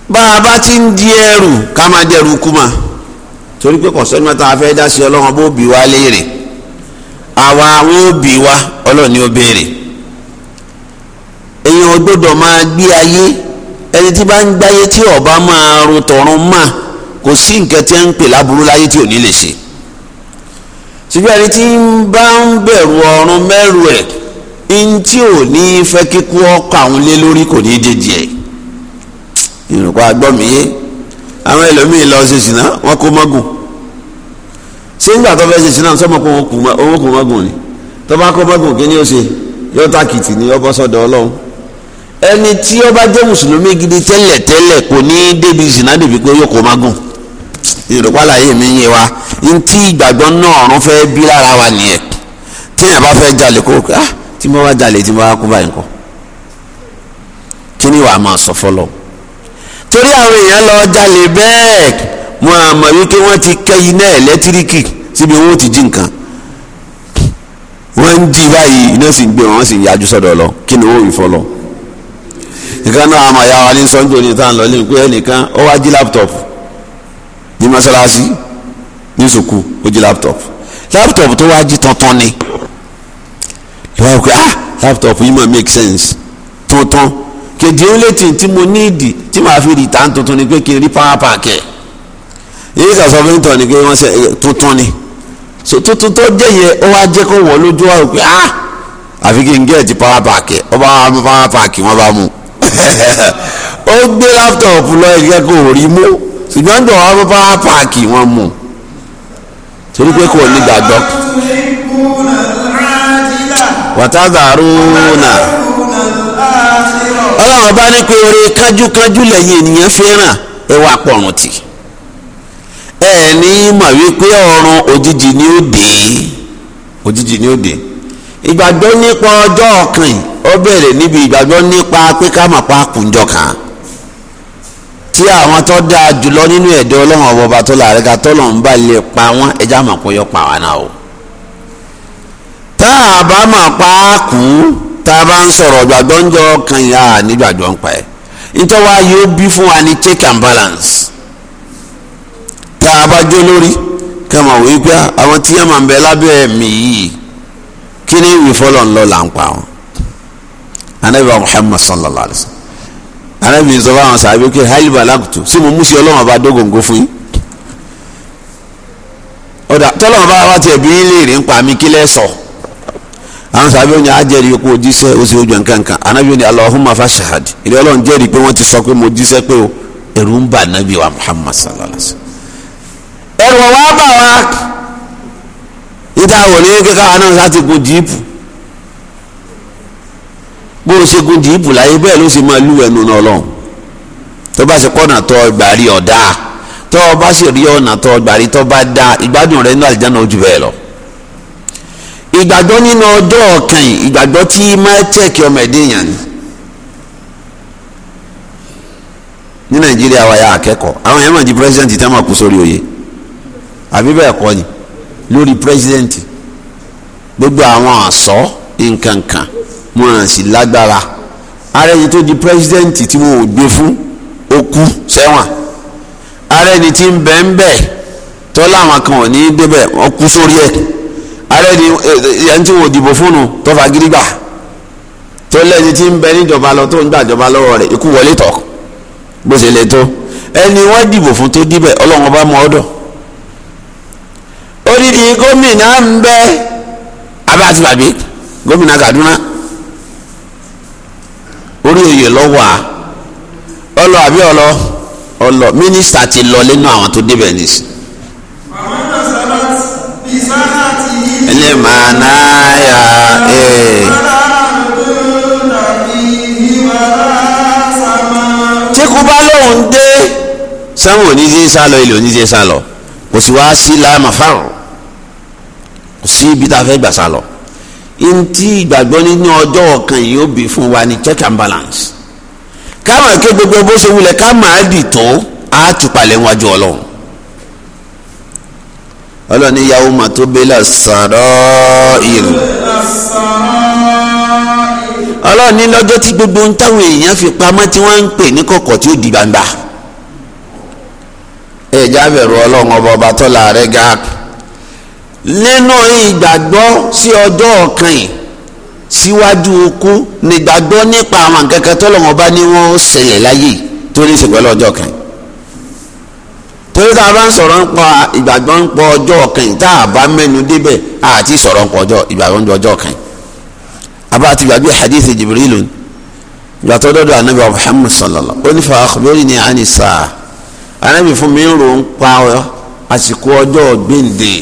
bá a bá ti ń di ẹrù ká máa dẹrù kú mà torí pé kọ̀sẹ́ni máa ta afẹ́ dá sí ọlọ́run bó bì wá léèrè àwa àwọn òbí wa ọlọ́run ni ó béèrè èèyàn gbọ́dọ̀ máa gbé ayé ẹni tí bá ń gbáyé tí ọba máa run tọ̀run mà kò sí nǹkan tí ń pè láburú láyé tí ò ní lè ṣe ṣùgbọ́n ẹni tí ń bá ń bẹ̀rù ọ̀run mẹ́rù ẹ̀ ntí ò ní fẹ́ kíkú ọkọ àwọn lé lórí kò ní jẹjẹ ìrùkọ́ agbọ́mìyé àwọn ẹlòmíì lọ ṣe ṣìnà wọn kó mọ́gùn ṣé tó fẹ́ ni tó bá kó mọ́gùn kí ni ó ṣe yóò ní ẹni tí ó bá jẹ́ gidi tẹ́lẹ̀ tẹ́lẹ̀ kò ní débi ṣìnà débi pé yóò kó mọ́gùn ìrùkọ́ àlàyé mi yé wa ìgbàgbọ́ náà ọ̀run fẹ́ bí lára tí mo wá jalè tí mo wá kú báyìí kọ́ kí ni wàá máa sọ fọlọ́ torí àwọn èèyàn lọ jalè bẹ́ẹ̀ wọn á mọ̀ wípé wọ́n ti kẹ́ iná ẹ̀lẹ́tíríkì síbi owó ti jí nǹkan wọ́n ń jí báyìí iná sì ń gbé wọn sì ń yájú sọ́dọ̀ lọ kí ni wọ́n wí fọlọ́ nǹkan náà àmọ̀ ìyá wa ní sọ́njọ́ ní tá à ń pé ẹnìkan ó wá jí láptọ̀pù ní mọ́ṣáláṣí ní sùkú ó jí láptọ̀pù láptọ̀pù tó wá jí tuntun ni tó wá pé ah laptop yìí mà make sense tuntun kejì only thing tí mo need tí màá fi return tuntun ni pé kí n rí power pack ẹ̀ èyí sàṣọ fún ìtàn ni pé wọ́n ṣe eh, tuntun ni so tuntun tó jẹ́ yẹ ó wá jẹ́ kó wọ̀ lójú wa pé ah àfi kí n gé ẹ̀jẹ̀ power pack ẹ̀ ọba power pack wọ́n bá mú ó gbé laptop lọ ẹ̀jẹ̀ kò rí mú ṣùgbọ́n dọ̀ wá power pack wọ́n mú torí pé kò ní gbàgbọ́. wàtàdàrúnà ọlọ́run ọba ní pé oore kájúkájú lẹ́yìn ènìyàn fẹ́ràn ẹ wá pọ̀rùn tì ẹ ní mọ̀ wípé ọ̀run òjijì ni ó dé ni ó dé ìgbàgbọ́ nípa ọjọ́ ọ̀kan ó bẹ̀rẹ̀ níbi ìgbàgbọ́ nípa pé ká mọ̀ pa kùnjọ kan tí àwọn tó dáa jùlọ nínú ẹ̀dọ́ ọlọ́run ọba tó láàrẹ́ka tọ́lọ̀ ń bá lè pa wọ́n ẹja mọ̀ kó yọ o. tá bá mọ̀ pa á kú tá a bá ń sọ̀rọ̀ gbàgbọ́ ń jọ kan ìyá nígbàgbọ́ ń pa ẹ̀ yóò bí fún wa ní check and balance tá a bá jó lórí ká mọ̀ wípé àwọn tí máa ń bẹ lábẹ́ mi yìí kí ni ìwé fọlọ́ là ń pa wọn anabi muhammad sallallahu alaihi wa sallam anabi sọ fún balakutu sí mo ọlọ́wọ́n bá dógóńgó fún yín ọ̀dà tọ́lọ́wọ́n bá wá tiẹ̀ bí ń àwọn sábẹ́ wọn ni a jẹ́rìí kó o jíṣẹ́ o sì ojú nkankan anabi ni Allahumma fashhad ilé ọlọ́run jẹ́rìí pé wọ́n ti sọ pé mo jíṣẹ́ pé o ẹ̀rù ń bà nàbí wa Muhammad sallallahu alayhi wa sallam. ẹ̀rù ọ̀wá bà wá níta àwọn onírin kíkà wa náà sáà ti gun jíìpù bó o ṣe gun jíìpù láyé bẹ́ẹ̀ ló ṣe máa lú ẹnu náà lọ́hùn tó bá ṣe kọ́nà tó ọgbà rí ọ̀dà tó o ṣe rí ọ̀nà tó ọgbà rí tó bá dá ìgbádùn rẹ̀ nínú àlìjáná ojú bẹ́ẹ̀ lọ ìgbàgbọ́ nínú ọjọ́ ọ̀kan ìgbàgbọ́ tí máa tẹ̀kì ọmọ ẹ̀dẹ́ èèyàn ni ní nàìjíríà wa akẹ́kọ̀ọ́ àwọn èèyàn mọ̀ di pírẹsidẹ́ǹtì tẹ́ máa kú sórí oyè àbí bẹ́ẹ̀ kọ́ ni lórí pírẹsidẹ́ǹtì gbogbo àwọn àṣọ nkankan wọn à sì lágbára ara ẹni tó di pírẹsidẹ́ǹtì tí wọn ò gbé fún ó kú sẹ́wọ̀n ara ẹni tí ń bẹ́ẹ̀ ń bẹ́ẹ̀ tọ́lá àwọn kan ò ní débẹ̀ wọ́n kú sórí ẹ̀ ààrẹ ni eh, ẹni tí wọn dìbò fóònù tó fa gidigba tó lẹ́ni tí ń bẹ níjọba lọ tó ń gbàjọba lọ́wọ́ rẹ̀ ikú wọlé tọ̀ bó ṣe lè tó ẹni wọ́n dìbò fún tó díbẹ̀ ọlọ́run bá mọ ọ́dọ̀ odidi gómìnà ń bẹ abáàtì bàbí gómìnà Kaduna orí oyè lọ́wọ́ a ọlọ àbí ọlọ ọlọ mínísítà ti lọ lẹ́nu àwọn tó débẹ̀ nísìnyí lè máa náyà ẹ̀. tí kú bá lóun dé sánwó oníṣe sálọ ilé oníṣe sálọ kò sì wáá sí láàmà fáwọn kò sí ibi tá a fẹ́ gbà sálọ ntí ìgbàgbọ́ nínú ọjọ́ ọ̀kan yìí ó bí fún wa ní check and balance ká máa ké gbogbo bó ṣe wulẹ̀ ká máa dì tó á tùpalẹ̀ wájú ọlọ́run ọlọ́ni yahoo ma tó bẹ́lẹ̀ sàrọ́ ìrù ọlọ́ni lọ́jọ́ tí gbogbo ń táwọn èèyàn fi pamọ́ tí wọ́n ń pè ní kọ̀kọ̀ tí ó di gbangba ẹ̀já bẹ̀rù ọlọ́run ọba ọba tó láàrẹ́ ga nínú ìgbàgbọ́ sí ọjọ́ ọ̀kan yìí síwájú okú nígbàgbọ́ nípa àwọn kankan tọ́lọ́run ọba ni wọ́n ṣẹlẹ̀ láyé tó ní í ṣe kan yìí torí tá a bá ń sọ̀rọ̀ ń pa ìgbàgbọ́ ń pọ ọjọ́ kẹyìn tá a bá mẹ́nu débẹ̀ àti sọ̀rọ̀ ń pọ ọjọ́ ìgbàgbọ́ ń ti gbàgbé hadith jibril ìgbà tó dọ́dọ̀ anabi muhammad sallallahu ó ní fa akhbirni saa anabi fún mi ń ro ń pa àsìkò ọjọ́ gbèǹde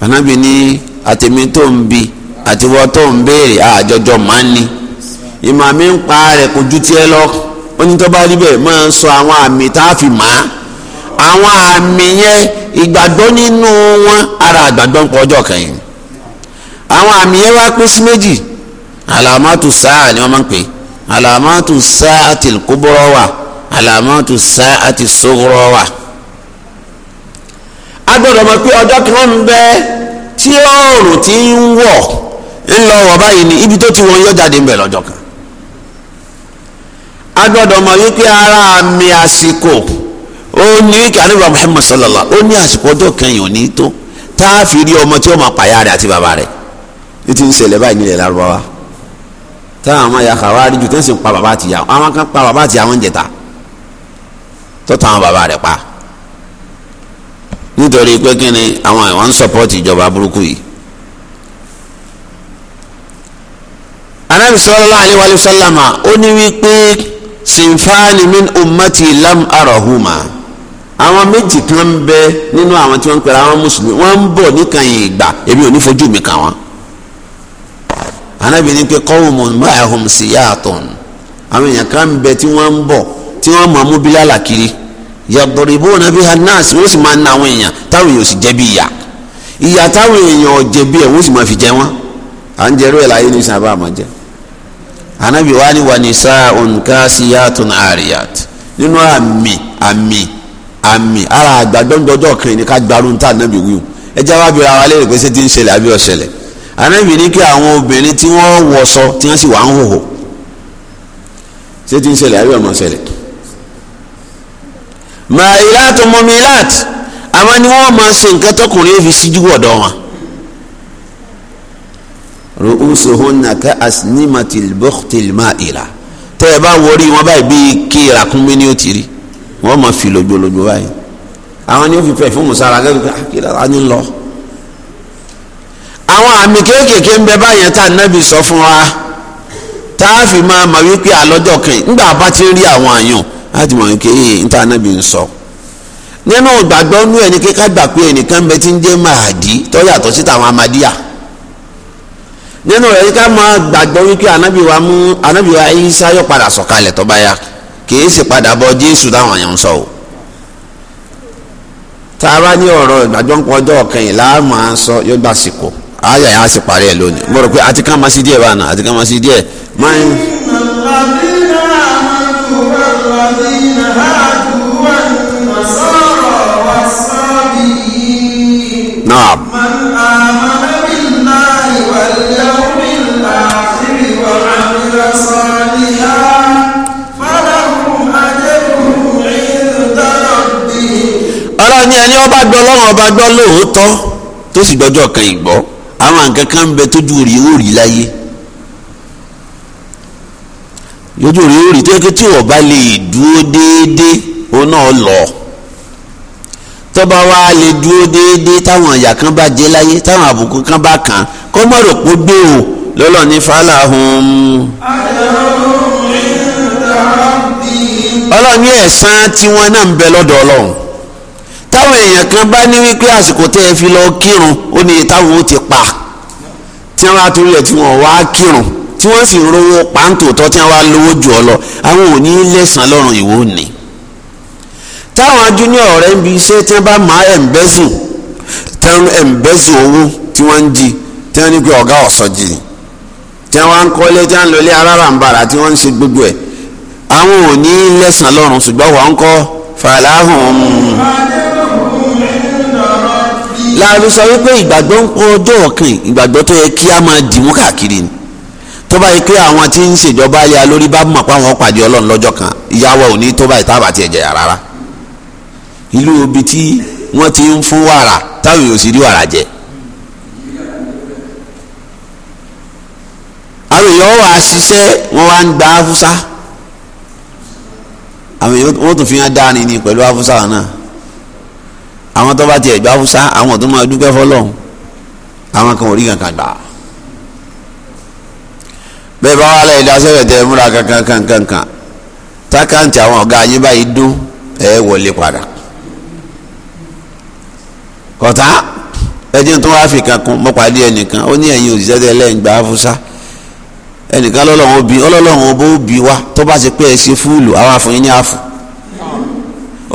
anabi ní àtẹ̀mí tó ń bi àtiwọ́ tó ń béèrè àjọjọ máa ń ní àwọn àmì yẹn ìgbàgbọ́ nínú wọn ara àgbàgbọ́ ń pọ̀jọ́ àwọn àmì yẹn wá pín sí méjì alamatu sáà ni wọ́n máa ń pè alamatu sáà ti kúbọ́rọ́ alamatu sáà ti sọ́gọ́rọ́ a gbọ́dọ̀ mọ̀ pé ọjọ́ kan ń bẹ tí oòrùn ti ń wọ̀ wọ̀ báyìí ibi tó ti jáde ń lọ́jọ́ kan a gbọ́dọ̀ ó ní kí anábà Muhammad sallallahu ó ní àsìkò ọjọ́ kẹyìn òní tó tá a fi rí ọmọ tí ó máa pàyà rẹ̀ àti bàbá rẹ̀ ní ti ń ṣẹlẹ̀ báyìí nílẹ̀ lárúbáwá táwọn ọmọ ya kàwá rí ju tó ń sì pa bàbá àti ìyá àwọn kan pa bàbá àti àwọn ń jẹta tó táwọn bàbá rẹ̀ pa nítorí pé kí ni àwọn ìwọ̀n ń sọpọ́tì ìjọba burúkú yìí anabi sallallahu alayhi wa sallam ó ní wípé sinfani min ummati lam arahuma àwọn méjì kan ń bẹ nínú àwọn tí wọ́n ń pera àwọn mùsùlùmí wọ́n ń bọ̀ níkànnì ìgbà èmi ò ní fojú mi kàn wọ́n. anábìíní pé qawmun ma'ahum siyatun àwọn èèyàn kan ń bẹ tí wọ́n ń bọ̀ tí wọ́n mọ̀ mú bílálà kiri yadribuna biha an-nas wọ́n sì máa ń na àwọn èèyàn táwọn èèyàn ò sì jẹ̀bi ìyà ìyà táwọn èèyàn ò jẹ̀bi ẹ̀ wọ́n sì máa fi jẹ wọ́n à ń jẹ́rú ẹ̀ láyé ni wà ní sáà nínú àmì àmì àmì ara àgbàdọ́gbọ́jọ́ kan ní ká gbarun tá ànábì wíwù ẹjẹ́ wá bí ara léèrè pé ṣé ti ń ṣẹlẹ̀ àbí ọ̀ṣẹlẹ̀ ànábì ní kí àwọn obìnrin tí wọ́n wọṣọ tí wọ́n sì wà ń hòhò ṣé ti ń ṣẹlẹ̀ àbí ọmọ ṣẹlẹ̀ màáyìláàtò mọ́mìláàtì àwọn ni wọ́n máa ṣe nǹkan tọkùnrin fi síjú ọ̀dọ̀ wọn. ru'usuhunna ka asnimatil bukhtil ma'ila tẹ́ ẹ bá wọrí wọn báyìí bíi kí ìràkúnmí ni ó ti rí. wọ́n mọ̀ fi lògbòlògbò báyìí àwọn ni o fi fún musara gẹ́gẹ́ bí ah, kí lọ. àwọn àmì kéékèèké ń bẹ báyẹn sọ fún wa tá a fi máa wípé àlọ́jọ́ ńgbà bá ti rí àwọn àyàn láti mọ̀ wípé ń eh, ń sọ. nínú ìgbàgbọ́ ẹni kíkà gbà pé ẹnìkan bẹ ti ń jẹ́ màdí sí tàwọn nínú wípé mú padà sọ̀kalẹ̀ kìí ṣe padà bọ jésù táwọn èèyàn ń sọ o tá a bá ní ọ̀rọ̀ ìgbàjọ́ ń pọ́jọ́ kẹyìn láàmú à ń sọ yóò gbà sìkò àyà yà á sì parí ẹ̀ lónìí mo rò pé àti ká máa sí díẹ̀ báyìí náà àti ká máa sí díẹ̀ máa ń. náà. ni ẹni ọba gbọ́ lọ́wọ́ ọba gbọ́ lóòótọ́ tó sì gbọ́jọ́ kan ìgbọ́ àwọn nǹkan kan ń bẹ tójú rí láyé lójú rí ó tó yẹ tí bá lè dúró déédéé ó náà lọ tọ́ba wa lè dúró déédéé táwọn kan bá jẹ́ láyé táwọn àbùkù kan bá kàn kó mọ̀ rò pé gbé o lọ́lọ́ ní tiwọn náà ń bẹ lọ́dọ̀ táwọn èèyàn kan bá ní wípé àsìkò tẹ́ ẹ fi lọ kírun ó ní táwọn ó ti pa tí wọ́n á torí ẹ̀ tí wọ́n wá kírun tí wọ́n sì rówó pàǹtòtọ́ tí wọ́n wá lówó jù ọ lọ àwọn ò ní lẹ́sàn lọ́rùn ìwò ni táwọn júnior rẹ̀ ń bi iṣẹ́ tí wọ́n bá máa ẹ̀ǹbẹ́sì tí wọ́n owó tí wọ́n ń jí tí wọ́n ní pé ọ̀gá ọ̀sán jì tí wọ́n ń kọ́lé tí wọ́n ń lọlé alárànbarà tí wọ́n ń ṣe gbogbo ẹ̀ àwọn ò ní lẹ́sàn lọ́rùn ṣùgbọ́n wọ́n ń kọ́ fàlàhùn. láàbí sọ wípé ìgbàgbọ́ ń pọ̀ ọjọ́ ọ̀kan ìgbàgbọ́ tó yẹ kí a máa dìmú káàkiri tó bá àwọn tí ń ṣèjọba lé alórí bá mọ̀ àwọn pàdé ọlọ́run lọ́jọ́ kan ìyàwó ò ní tó báyìí tábà tiẹ̀ jẹ̀yà rárá ìlú ti ń wàrà táwọn sì wàrà jẹ. àwọn èèyàn wà á ṣiṣẹ́ wọ́n wá ń gba afusa àwọn èèyàn wọ́n tún fi hàn dáa pẹ̀lú náà àwọn tó bá tiẹ̀ gbá fúsá àwọn tó máa dúpẹ́ fọlọ́hún àwọn kan ò rí kankan gbà. bẹ́ẹ̀ bá wà lẹ́yìn dasẹ́rẹ̀ tẹ múra kankan kankan kan tákàǹtì àwọn ọ̀gá yín báyìí dún ẹ wọlé padà kọ̀tá ẹni tó wá fi kankan mọ́ pàdé ẹnìkan ó ní ẹ̀yin òṣìṣẹ́ tẹ lẹ́yìn gbà fúsá ẹnìkan lọ́lọ́run bí ọlọ́lọ́run bó bí wa tó bá ti pẹ́ ẹ ṣe fúlù àwọn àfọyín ní àfọ̀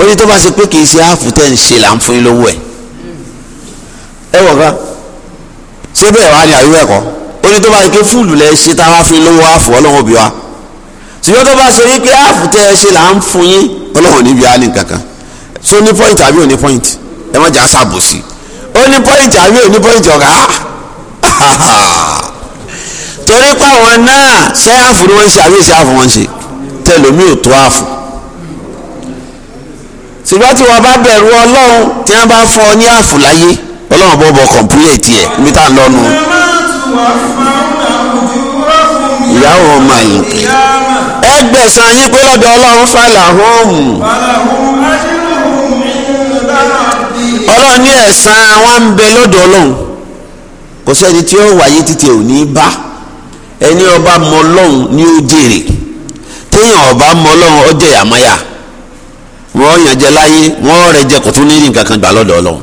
ó ní tó bá ṣe pé kì í ṣe áàfù tẹ̀ ń ṣe là ń fún yín lówó ẹ̀ ẹ wọ̀ ká ṣé bẹ́ẹ̀ wá ní àyíwẹ̀ kọ́ ó tó bá ṣe pé fúlù lẹ́ ṣe tá a wá fún yín lówó áàfù ọlọ́run òbí wa ṣùgbọ́n tó bá ṣe wípé áàfù tẹ́ ẹ ṣe là ń fún yín ọlọ́run òní bí wa ní kankan ṣé ó ní point àbí ò ní point ẹ má jà ṣàbòsí ó ní point àbí ò ní point ọ̀gá torí pé àwọn náà ṣáàfù ni wọ́n ṣe àbí ṣáàfù wọ́n ṣe tẹlomi ò ṣùgbọ́n tí wọ́n bá bẹ̀rù ọlọ́run tí wọ́n bá fún ọ ní àfùláyé ọlọ́run bọ́ bọ́ kọ̀m̀púlẹ̀tì ẹ̀ níbi tá à ń ìyàwó ọmọ yìí ẹ gbẹ̀sán yín pé lọ́dọ̀ ọlọ́run fàlà hóòmù. ọlọ́run ní ń bẹ lọ́dọ̀ ọlọ́run kò sẹ́ni tí ó wáyé títí ò ní bá ẹni ọba mọ ọlọ́run ní wọ́n yàn jẹ láyé wọ́n rẹ̀ jẹ kò tún ní nǹkan kan gbà lọ́dọ̀ ọlọ́run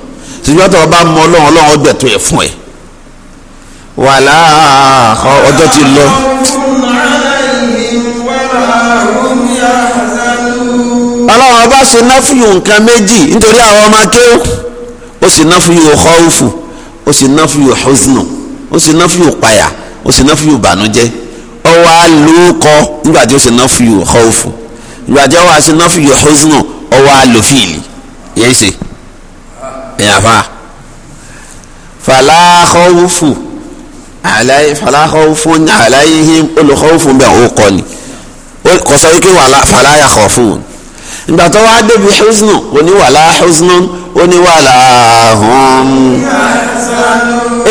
ṣùgbọ́n tó o bá mọ ọlọ́run ọlọ́run ọgbẹ̀ tó yẹ fún ẹ. wàhálà ọjọ́ ti lọ. ọlọ́run ọba ṣe náfìyù nǹkan méjì nítorí àwọn ọmọ akéwò ó sì náfìyù khawfu ó sì náfìyù huznu ó sì náfìyù páyà ó sì náfìyù bànújẹ́ ọwọ́ àlùkọ nígbà tí ó sì náfìyù khawfu ìgbà wa ó wà sí náfìyù huznu ọwọ́ àlòfíìlì yẹn ṣe èèyàn fa falakọ́wùfù alayi falakọ́wùfù alayihim olùkọ́wùfù bẹ́ẹ̀ ó kọ́ ni kò sọ yìí kí falaya kọ̀fù ìgbà tó wá débi húsnù oní wàlá húsnù oní wàlá hàn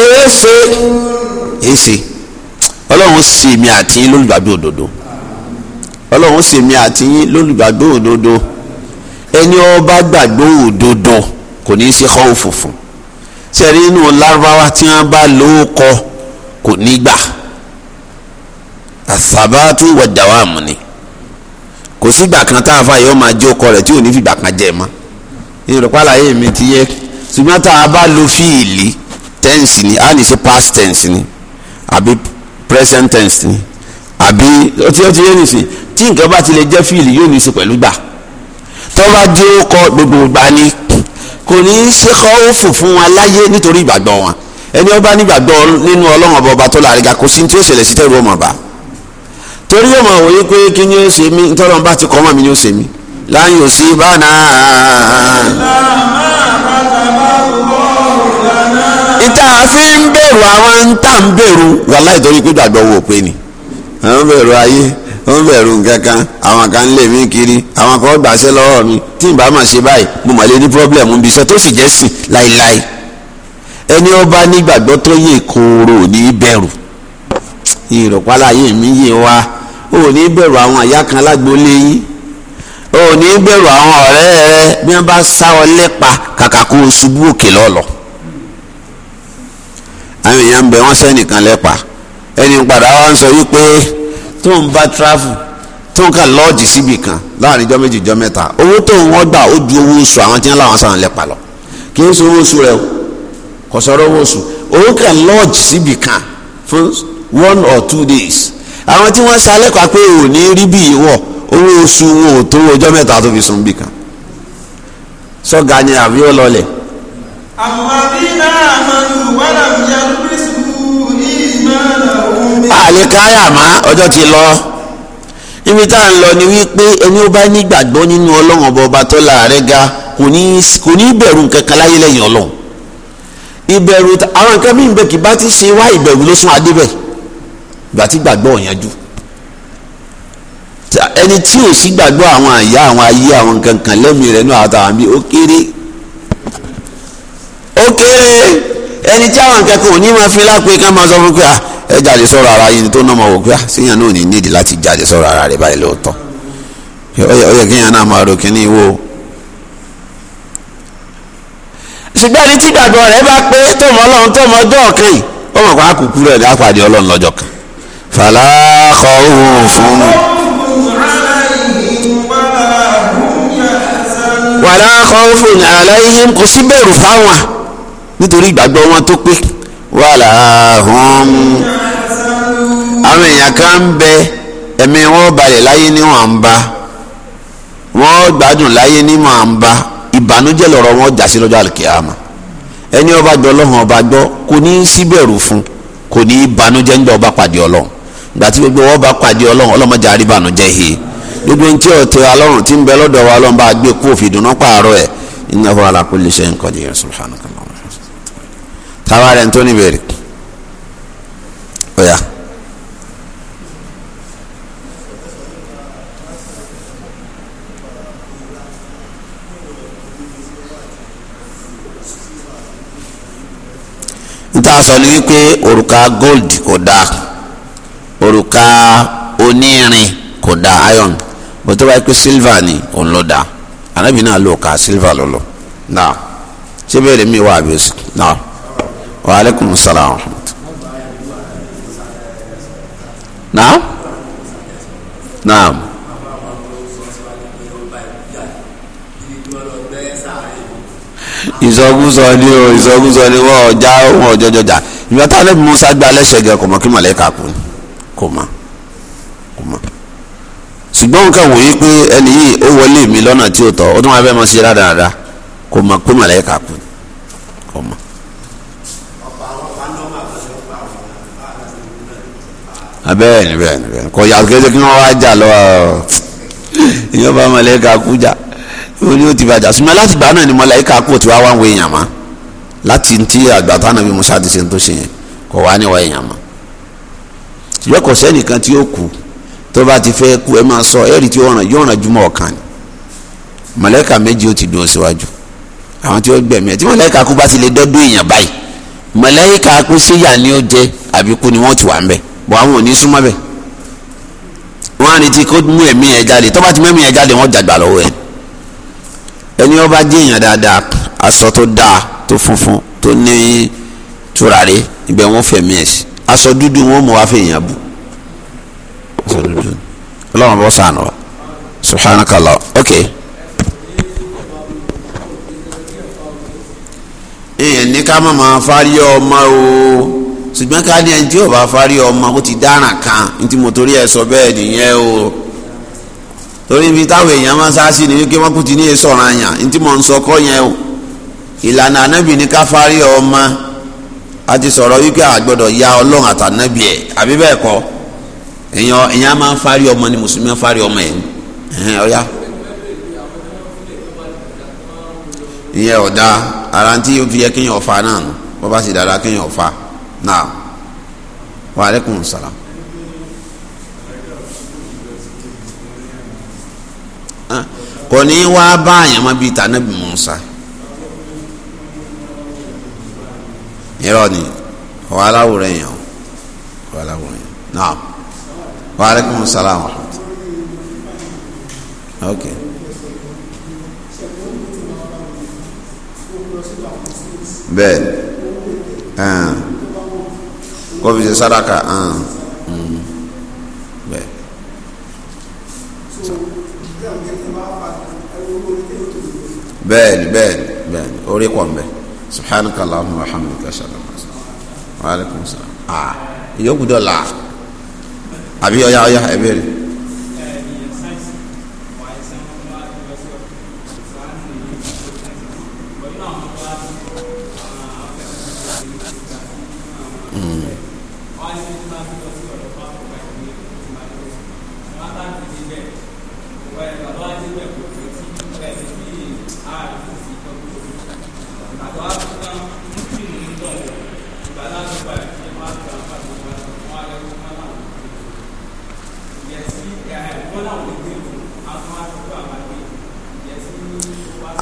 éèfé éèfé ọlọ́run sì mí àti lólùgbàgbé òdodo ọlọ́run sì mí lólùgbàgbé òdodo ẹni ọba gbàgbọ́ òdodo kò ní í ṣe kọ́ òfòfò sẹ́rí inú lárúbáwá tí wọ́n bá lówó kọ kò ní gbà àsàbátú wọ̀dàwà àmúni kò sí gbà kan tá a fa yóò máa jẹ́ ọkọ rẹ̀ tí ò ní fìgbà kan jẹ́ mọ́ ìrọ̀pálàyé mi ti yẹ ṣùgbọ́n tá a bá lo fíìlì tense ni a ní ṣe past tense ni àbí present tense ni àbí ó ti ó ti yé nìsín tí nǹkan bá ti lè jẹ́ fíìlì yóò ní í ṣe pẹ̀lú gbà tọ́ba jẹ́ ó kọ gbogbo ìgbà ni kò ní í ṣe kọ́ọ̀fù fún wa láyé nítorí ìgbàgbọ́ wọn ẹni ọba nígbàgbọ́ nínú ọlọ́run ọba ọba tó láàrín kò sí tí ó ṣẹlẹ̀ sí tẹ́rù ọmọ ọba torí ọmọ òye pé kí ni ó ṣe mí tọ́lọ́ ọba ti kọ́ ọmọ mi ni ó ṣe mí láyò sí bánà. ìta àfi ń bẹ̀rù àwọn ń tà ń bẹ̀rù wàláì torí pé gbàgbọ́ wò pé ni àwọn bẹ̀rù ayé wọ́n bẹ̀rù nǹkan kan àwọn kan ń lé mi kiri àwọn kan gbàṣẹ́ lọ́wọ́ mi tí n bá mà ṣe báyìí mo mà lè ní pọ́blẹ̀mù bí iṣẹ́ tó sì jẹ́ sìn láéláé ẹni ó bá nígbàgbọ́ tó yè kooro ní bẹ̀rù ìrọ̀pálá yé mi yé wa ò ní bẹ̀rù àwọn àyà kan lágbólé yín ò ní bẹ̀rù àwọn ọ̀rẹ́ rẹ bí wọ́n bá sá ọ lẹ́pa kàkà kó o ṣubú òkè lọ́lọ́ àwọn èèyàn ń bẹ wọ́n sẹ́nìkan lẹ́pa ẹni padà wá ń sọ yí pé tó ń bá travel tó ń kàn lọ́ọ̀jì síbì kan láàrin ijọ́ méjì ijọ́ mẹ́ta owó tó ń wọ́n gbà ó ju owó oṣù àwọn tí wọ́n láwọn sàn lẹ́pà lọ kì í sọ owó oṣù rẹ o kò sọ̀rọ̀ owó oṣù owó kàn lọ́ọ̀jì síbì kan fún one or two days àwọn tí wọ́n ṣalẹ́kọ̀ọ́ pé ò ní rí bí ìwọ̀ owó oṣù wọn ò tó ọjọ́ mẹ́ta tó fi sùn bì kan sọ́ga ni àbí ó lọlẹ̀. àmọ́ bí náà àmọ́ ìwádàá mi yá lórí sí àlekáyà má ọjọ́ ti lọ ibi tá à ń lọ ni wípé ẹni ó bá nígbàgbọ́ nínú ọlọ́run ọba tó láàárẹ̀ ga kò ní bẹ̀rù kankan láyé lẹ́yìn ọlọ́run ìbẹ̀rù àwọn nǹkan mí bẹ̀ kì bá ti ṣe wá ìbẹ̀rù ló sún adé ìgbà tí gbàgbọ́ ọ̀yanjú ẹni tí ò sí gbàgbọ́ àwọn àyà àwọn ayé àwọn nǹkan lẹ́mìí rẹ̀ náà àtàwọn bí ó kéré ó kéré ẹni tí àwọn nǹkan ò ní máa fi lápè ká máa sọ fún pé à ẹ jáde sọ̀rọ̀ ara yín tó náà mọ̀ wò pé síyàn ah, náà ní nídìí láti jáde sọ̀rọ̀ ara rẹ̀ báyìí lóòótọ́ ó yẹ kéèyàn náà máa rò kíní wo. ṣùgbọ́n ẹni tí gbàgbọ́ rẹ̀ bá pé tọmọ ọlọ́run tọmọ ọjọ́ kejì ó mọ̀ pé a kò kúrò ẹ̀ lápàdé ọlọ́run lọ́jọ́ kan. fàlà òun fún un. wàlá òun fún un àlàyé kò sí bẹ̀rù fáwọn nítorí ìgbàgbọ́ wọn tó pé wàlà hàn àwọn èèyàn kan ń bẹ ẹ̀mí wọn balẹ̀ láyé ní wọn ba wọn gbádùn láyé ní wọn ba ìbànújẹ́ lọ́rọ̀ wọn jà sí lọ́jọ́ àlùkìyàmà ẹni ọba gbọ́ ọlọ́run ọba gbọ́ kò ní í síbẹ̀rù fún kò ní í banújẹ́ ń gbọ́ ọba pàdé ọlọ́run gbàtí gbogbo wọn bá pàdé ọlọ́run ọlọ́mọdé àríbànújẹ́ he gbogbo ní tí ọ̀tẹ̀ alọ́run ti ń bẹ lọ́dọ̀ wa ọlọ́run bá gbé kó òfin dùnú pààrọ̀ ẹ̀ innahu ala kulli shay'in qadir subhanaka táwa rẹ̀ ń tó níbẹ̀rẹ̀ ọ̀yà. níta sọ ni wípé òrùka gold kò dáa òrùka onírin kò dáa iron bó tó bá yẹ pé silver ni òun ló dáa anábìínà lò ká silver lọ lọ náà ṣé bẹ́ẹ̀ lèmi wà àbí òsì náà. وعليكم السلام ورحمة نعم نعم ìsọkúsọ ni o ìsọkúsọ ni wọn ọjà wọn ọjọjọjà ìgbà Musa gba lẹ́sẹ̀ gẹ kò kí mọlẹka kù kò mọ̀ kò mọ̀ ṣùgbọ́n nǹkan wòye pé ẹni yìí ó wọlé mi lọ́nà tí ó tọ́ ó tún wá fẹ́ mọ́ sí kò abẹ́ẹ̀ni ah, bẹ́ẹ̀ni bẹ́ẹ̀ni kọ̀ yàtọ̀ kéde kí wọ́n wá jà lọ ah, oh. ìyẹn bá mọ̀lẹ́ka kú jà ó ní ó ti bàjá sùnmọ́ láti gbà náà ni mọ̀lẹ́ka kú ti wá wá ń wo èèyàn mọ́ láti ti àgbà táwọn bí Musa ti ṣe tó ṣe yẹn kọ̀ wá níwọ̀ èèyàn mọ́ ṣùgbọ́n kò sẹ́nìkan tí ó kú tó bá ti fẹ́ kú ẹ máa sọ ẹ̀rì tí yóò ràn jùmọ̀ ọ̀kan ni mọ̀lẹ́ka méjì ó ti dùn síwájú àwọn tí ó gbẹ̀mí ẹ̀ tí mọ̀lẹ́ka kú bá ti lè dọ́dún èèyàn báyìí mọ̀lẹ́ka kú síyà ni ó jẹ àbíkú ni wọ́n ti wà ń bẹ́ẹ̀ bọ̀ àwọn ò ní súnmọ́ bẹ̀ wọ́n á retí kó mú ẹ̀mí ẹ̀ jáde tó bá ti mú ẹ̀mí ẹ̀ jáde wọ́n jàgbà lọ́wọ́ ẹ̀ ẹni wọ́n bá jẹ́ èèyàn dáadáa aṣọ tó dáa tó funfun tó ní tùràrí ibẹ̀ wọ́n fẹ̀mí ẹ̀ sí aṣọ dúdú wọn mú wá fẹ̀yìn àbù aṣọ dúdú ọlọ́run bọ́ sànù wa subhanakallah ok. èèyàn ní ká má máa fárí ọmọ o ṣùgbọ́n ká ní ẹni tí yóò bá fárí ọmọ ó ti dáràn kan ní tí mo torí ẹ sọ bẹ́ẹ̀ nìyẹn o torí ibi táwọn èèyàn máa ń sáásì ní wípé wọ́n kú ti ní èso ọ̀ràn àyàn ní tí mo ń sọ yẹn o ìlànà ànábì ní ká fárí ọmọ a ti sọ̀rọ̀ wípé àgbọ̀dọ̀ ya ọlọ́run àtànábì ẹ̀ àbí bẹ́ẹ̀ kọ́ èèyàn èèyàn máa ń fárí ọmọ ni mùsùlùmí máa ń fárí ọmọ ẹ̀ ẹ̀hìn ọ̀yá ìyẹn ọ̀dà ara ti fi yẹ kéèyàn ọ̀fà náà bọ́ bá sì dára kéèyàn ọ̀fà naam wa aleykum salaam. Ah, kò ní wá bá àyàn má bíi tànàbí Mùsá irọ́ ni wà á láwùrọ̀ èèyàn wà á láwùrọ̀ èèyàn naam wa salaam ok. bẹ́ẹ̀ kó fi ṣe sàdákà hàn ah, mm. bẹ́ẹ̀. bẹ́ẹ̀ni bẹ́ẹ̀ni bẹ́ẹ̀ni orí kọ mbẹ subhanaka allahumma wa hamdika ashhadu an la ilaha wa alaykum salaam ah ìyókù dọ̀ la àbí ọ̀yà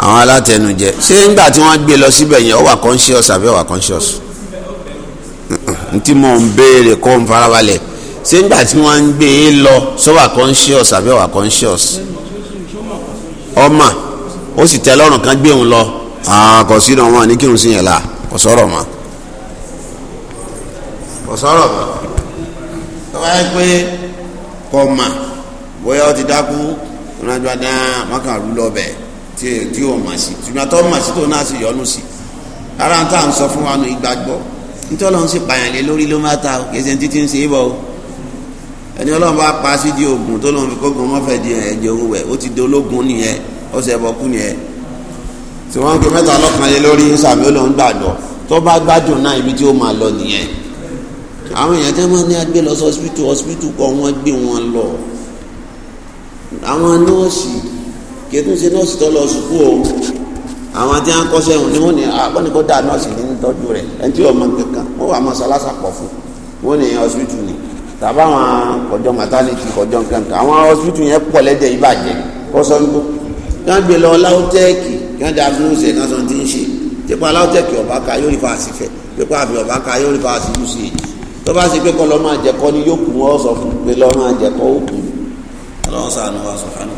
àwọn alátẹnujẹ ṣé nígbà tí wọ́n gbé lọ síbẹ̀ yẹn ó wà conscious àbí ó wà conscious ntí mò ń béèrè kó ń farabalẹ̀ ṣé nígbà tí wọ́n gbé e lọ ṣó wà conscious àbí ó wà conscious ọmọ ó sì tẹ lọ́rùn kan gbé òun lọ kò sí náà wọn ní kírun sí yẹn la kò sọ̀rọ̀ mọ́ kò sọ̀rọ̀ mọ́ tó pé kò mà bóyá ó ti dákú ìrìnàjò adán mọ́kànlú lọ́bẹ̀ tí tí ò mà sí ṣùgbọ́n tó mà sí tó náà sì yọnu sí ara tá à ń sọ fún wa nù ìgbàgbọ́ nítorí wọn sì pààyàn lé lórí ló má ta kèsì ní títí ń ṣe é bọ̀ o ẹni ọlọ́run bá pa sí di oògùn tó lọ́n fi kọ́gùn mọ́fẹ́ di ẹ̀jẹ̀ òun wẹ̀ ó ti di ológun nìyẹn ó sì ẹ̀bọ̀ kú nìyẹn tí wọ́n ń pe mẹ́ta ọlọ́kan lé lórí sàmì ó lòún gbàgbọ́ tó bá gbádùn náà ibi tí ó máa lọ nìyẹn àwọn èèyàn tẹ́ máa ní agbé lọ sí hospital hospital kọ́ wọ́n gbé wọn lọ àwọn nọ́ọ̀sì kìtún ṣe nọ́ọ̀sì tó lọ sùkú o àwọn tí wọn kọ́ṣẹ́ wọn ni wọn ní àbọ̀nìkọ́ ah, dá nọ́ọ̀sì ní tọ́jú rẹ̀ ẹni tí ọmọ kankan wọn wà mọ́sálásà pọ̀ fún wọn ní hospital ni tàbá àwọn kọjọ maternity kọjọ kankan àwọn hospital yẹn pọ̀ lẹ́jẹ̀ ìbàjẹ́ kọ́sọ́ńtò kí wọ́n gbé lọ láwùtẹ́ẹ̀kì kí wọ́n diagnose ẹ̀ kan sọ ti ń ṣe tipa aláwọ̀tẹ́kì ọba ká yóò rí fàásì fẹ́ tipa àbí ọba ká yóò rí fàásì uch tó bá ṣe pé kọ́ lọ́ máa jẹ́kọ́ ni yóò kù wọ́n sọ fún pé lọ́ máa jẹ́kọ́ ó رضي الله عنه سبحانه